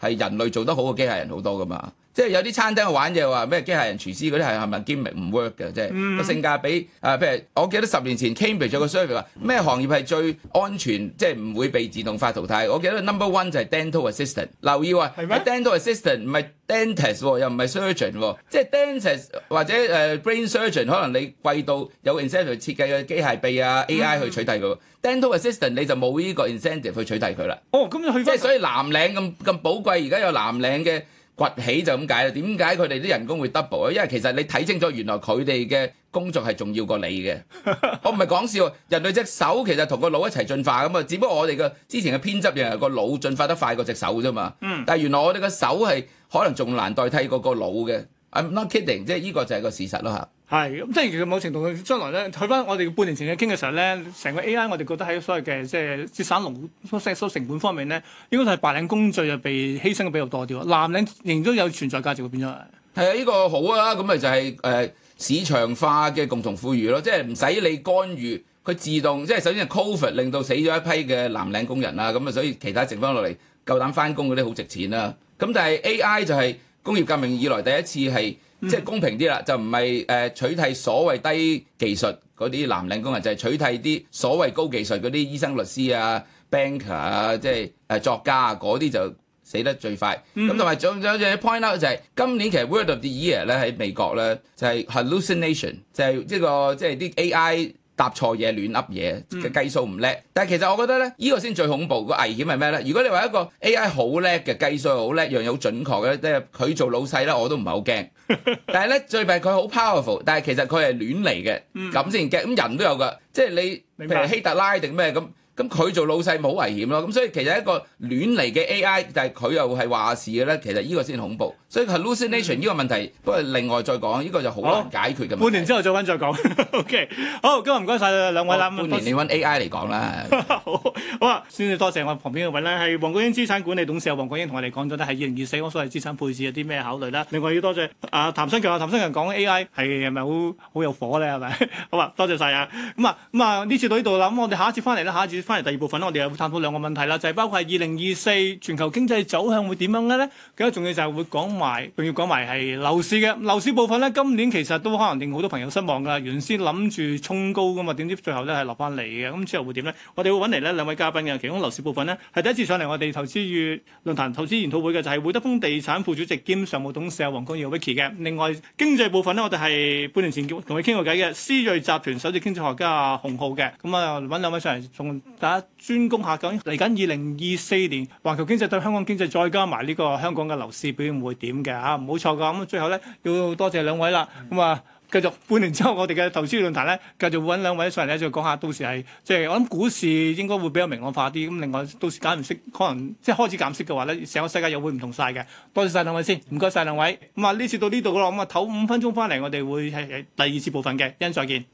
在係人類做得好嘅機械人好多噶嘛。即係有啲餐廳玩嘢話咩機械人廚師嗰啲係係咪兼唔 work 嘅？即係個、嗯、性價比啊，譬如我記得十年前 Cambridge 有個 survey 話咩行業係最安全，即係唔會被自動化淘汰。我記得 number one 就係 dental assistant，留意啊，係咩嗎 dental assistant 唔係 dentist 又唔係 surgeon，即係 dentist 或者誒 brain surgeon 可能。你貴到有 incentive 設計嘅機械臂啊 AI 去取替佢，dental assistant 你就冇呢個 incentive 去取替佢啦。哦，咁又去即係所以藍領咁咁寶貴，而家有藍領嘅崛起就咁解啦。點解佢哋啲人工會 double 啊？因為其實你睇清楚，原來佢哋嘅工作係重要過你嘅。我唔係講笑，人類隻手其實同個腦一齊進化㗎嘛。只不過我哋嘅之前嘅偏執又係個腦進化得快過隻手啫嘛。嗯，但係原來我哋嘅手係可能仲難代替過個腦嘅。I'm not kidding，即係呢個就係個事實咯吓，係，咁即係其實某程度，將來咧，去翻我哋半年前嘅傾嘅時候咧，成個 AI 我哋覺得喺所謂嘅即係節省勞 force cost 成本方面咧，應該係白領工就又被犧牲嘅比較多啲喎。藍領仍都有存在價值，會變咗。係啊，呢、這個好啊，咁咪就係、是、誒、呃、市場化嘅共同富裕咯，即係唔使你干預，佢自動即係首先係 cover 令到死咗一批嘅藍領工人啊，咁啊，所以其他剩翻落嚟夠膽翻工嗰啲好值錢啦。咁但係 AI 就係、是。工業革命以來第一次係即係公平啲啦，就唔係誒取締所謂低技術嗰啲藍領工人，就係、是、取締啲所謂高技術嗰啲醫生、律師啊、banker 啊，即係誒作家啊嗰啲就死得最快。咁同埋仲有隻 point 啦、就是，就係今年其實 Word of the Year 咧喺美國咧就係、是、hallucination，就係呢、這個即係啲 AI。搭錯嘢，亂噏嘢嘅，計數唔叻，嗯、但係其實我覺得呢，呢、呢個先最恐怖，個危險係咩呢？如果你話一個 A.I. 好叻嘅，計數好叻，樣樣好準確嘅，即係佢做老細呢，我都唔係好驚。 但係呢，最弊佢好 powerful，但係其實佢係亂嚟嘅，咁先驚。咁、嗯、人都有㗎，即係你白譬如希特拉定咩咁。咁佢做老細冇好危險咯，咁所以其實一個亂嚟嘅 AI，但係佢又係話事嘅咧，其實呢個先恐怖。所以 hallucination 呢個問題，不過另外再講，呢個就好難解決嘅、哦。半年之後再揾再講。 OK，好，今日唔該曬兩位啦。半年次你揾 AI 嚟講啦。好，好啊，先至多謝，謝我旁邊嘅位咧，係黃國英資產管理董事黃國英同我哋講咗咧，係二零二四我所謂資產配置有啲咩考慮啦。另外要多謝阿譚新強啊，譚新強講 AI 係係咪好好有火咧係咪？是是 好啊，多謝晒啊。咁啊咁啊，呢次到呢度啦，咁我哋下一次翻嚟啦，下一次。翻嚟第二部分，我哋又會探討兩個問題啦，就係、是、包括係二零二四全球經濟走向會點樣嘅咧？更加重要就係會講埋，仲要講埋係樓市嘅樓市部分咧。今年其實都可能令好多朋友失望㗎，原先諗住衝高㗎嘛，點知最後咧係落翻嚟嘅。咁之後會點咧？我哋會揾嚟咧兩位嘉賓嘅，其中樓市部分咧係第一次上嚟我哋投資與論壇投資研討會嘅，就係、是、會德豐地產副主席兼常務董事黃光耀 Vicky 嘅。另外經濟部分咧，我哋係半年前同佢傾過偈嘅思睿集團首席經濟學家洪浩嘅。咁啊揾兩位上嚟從。大家專攻下究竟，嚟緊二零二四年，環球經濟對香港經濟，再加埋呢、呢個香港嘅樓市表現會點嘅嚇？冇、啊、錯㗎。咁、啊、最後咧，要多謝兩位啦。咁啊，繼續半年之後，我哋嘅投資論壇咧，繼續揾兩位上嚟咧，再講下到時係即係我諗股市應該會比較明朗化啲。咁另外到時減息，可能即係開始減息嘅話咧，成個世界又會唔同晒嘅。多謝晒兩位先。唔該晒兩位。咁啊，呢次到呢度㗎啦。咁啊，唞五分鐘翻嚟，我哋會係第二次部分嘅。因再見。